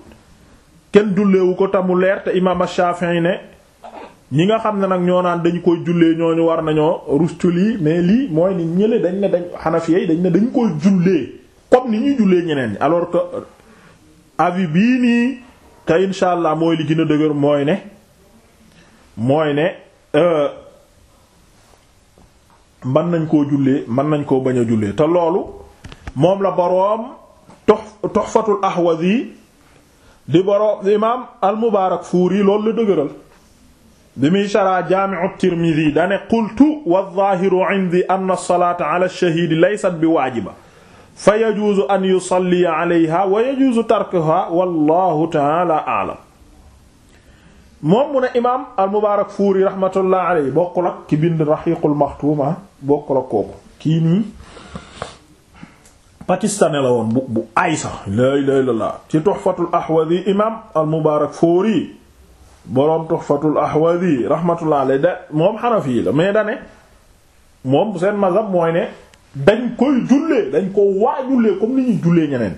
kenn julleewu ko tamu leer te imaam Shaafi'i ne ñi nga xam ne nag ñoo naan dañu koy jullee ñooñu war nañoo rus lii mais lii mooy ni ñële dañ ne dañ xanafiya yi dañ ne dañ koy jullee comme ni ñuy jullee ñeneen ñi alors que avis bii nii te insha mooy li gën a dëgër mooy ne mooy ne euh, mën nañ koo jullee mën nañ koo bañ a jullee te loolu moom la boroom tox toxfatul ahwazi di boroom imaam al mubaarak yi loolu la dëgëral bi muy sharaa jaami'u Tirmidhi dane qultu wadh-dhaahiru 'indi anna as-salaata 'ala ash-shahiid laysat bi waajiba fa yajuuzu an yusalliya 'alayha wa yajuuzu tarkuha wallahu ta'ala a'lam moom mu ne imaam al-Mubaarakfuuri rahmatullah alayhi bokkul ak ki bind Rahiiqul Maxtuum ah, bokkul ak kooku kii nii pakistanais la woon bu bu ay sax laa ilaaha illallaah ci Tuhfatul Ahwazi imaam al-Mubaarakfuuri boroom Tuhfatul Ahwadi rahmatullah alayhi da moom Hanafi la mais da ne moom seen mazhab mooy ne dañ koy jullee dañ ko waa jullee comme ni ñuy jullee ñeneen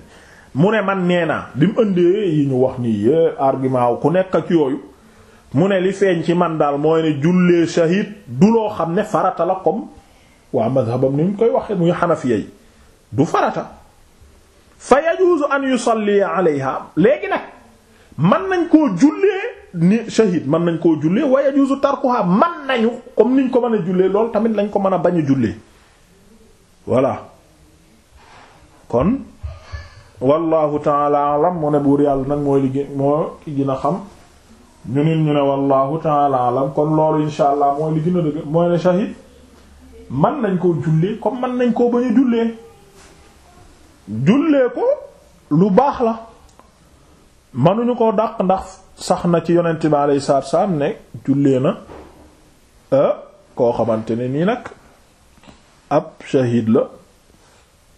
mu ne man nee naa bi mu yi ñu wax nii yé argument wu ku nekk ak yooyu mu ne li feeñ ci man daal mooy ne jullee shahid du loo xam ne farata la comme waa mazhabam ni ñu koy waxee muy Hanafiya yi du farata fa yajuzu an yusalli alayha léegi nag man nañ koo jullee ni shahid man nañ koo jullee waaye juzu tarkuha man nañu comme niñ ko mën a jullee lool tamit lañ ko mën a bañ a jullee voilà kon wallahu taala alam mu ne buur yàlla nag mooy liggéey moo ki gën xam ñu nit ñu ne wallahu taala alam kon loolu insha allah mooy li gën dëgg mooy ne shahid man nañ koo jullee comme man nañ koo bañ a jullee jullee ko lu baax la manuñu ko dàq ndax sax na ci yonent bi alayhi salaatu salaam ne jullee na koo xamante ne nii nag ab shahid la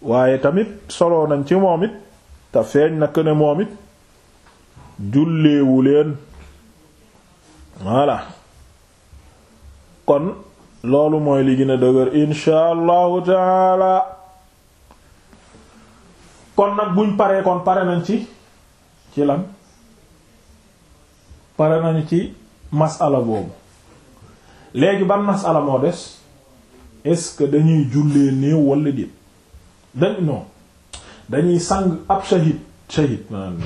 waaye tamit soloo nañ ci moom it te feeñ na ne moom it julleewu leen voilà kon loolu mooy li gën a dëgër insha allahu taala kon nag buñ paree kon pare nañ ci ci lan pare nañu ci masala boobu léegi ban masala moo des est-ce que dañuy jullee néew wala déet dañ non dañuy sang ab shahid shahid maanaam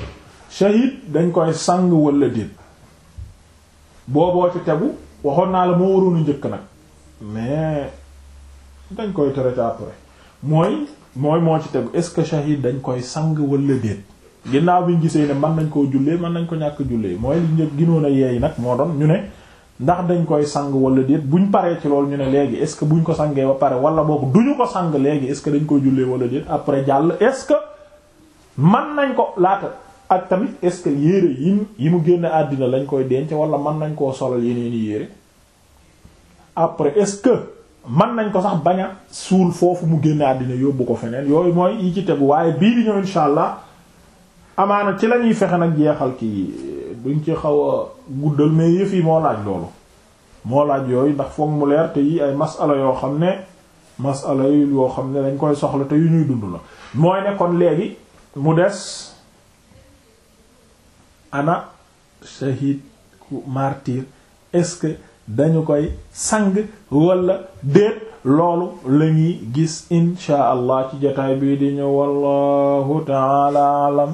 shahid dañ koy sang wala déet booboo ci tegu waxoon naa la moo waroon a njëkk nag mais dañ koy traité après mooy mooy moo ci tegu est-ce que shahid dañ koy sang wala déet ginnaaw bi ñu gisee ne man nañ koo jullee mën nañ ko ñàkk jullee mooy li ñu ginoon a yeey nag moo doon ñu ne ndax dañ koy sang wala déet buñ paree ci loolu ñu ne léegi est ce que buñ ko sangee ba pare wala boog duñu ko sang léegi est ce que dañ koy jullee wala déet après jàll est ce que mën nañ ko laata ak tamit ce que yére yi yi mu génn àddina lañ koy denc wala mën nañ koo solal yeneen i yére après est ce que mën nañ ko sax bañ a suul foofu mu génn àddina yóbbu ko feneen yooyu mooy yi ci tegu waaye bii di ñëw insha allah amaana ci lañuy fexe nag jeexal kii duñ ci xaw a guddal mais yëf yi moo laaj loolu moo laaj yooyu ndax foog mu leer te yi ay masala yoo xam ne masala yi yoo xam ne dañ koy soxla te yu ñuy dund la mooy ne kon léegi mu des ana shahid ku martyr est-ce que dañu koy sang wala déet loolu la gis insha allah ci jotaay bii di ñëw wallahu ta'ala alam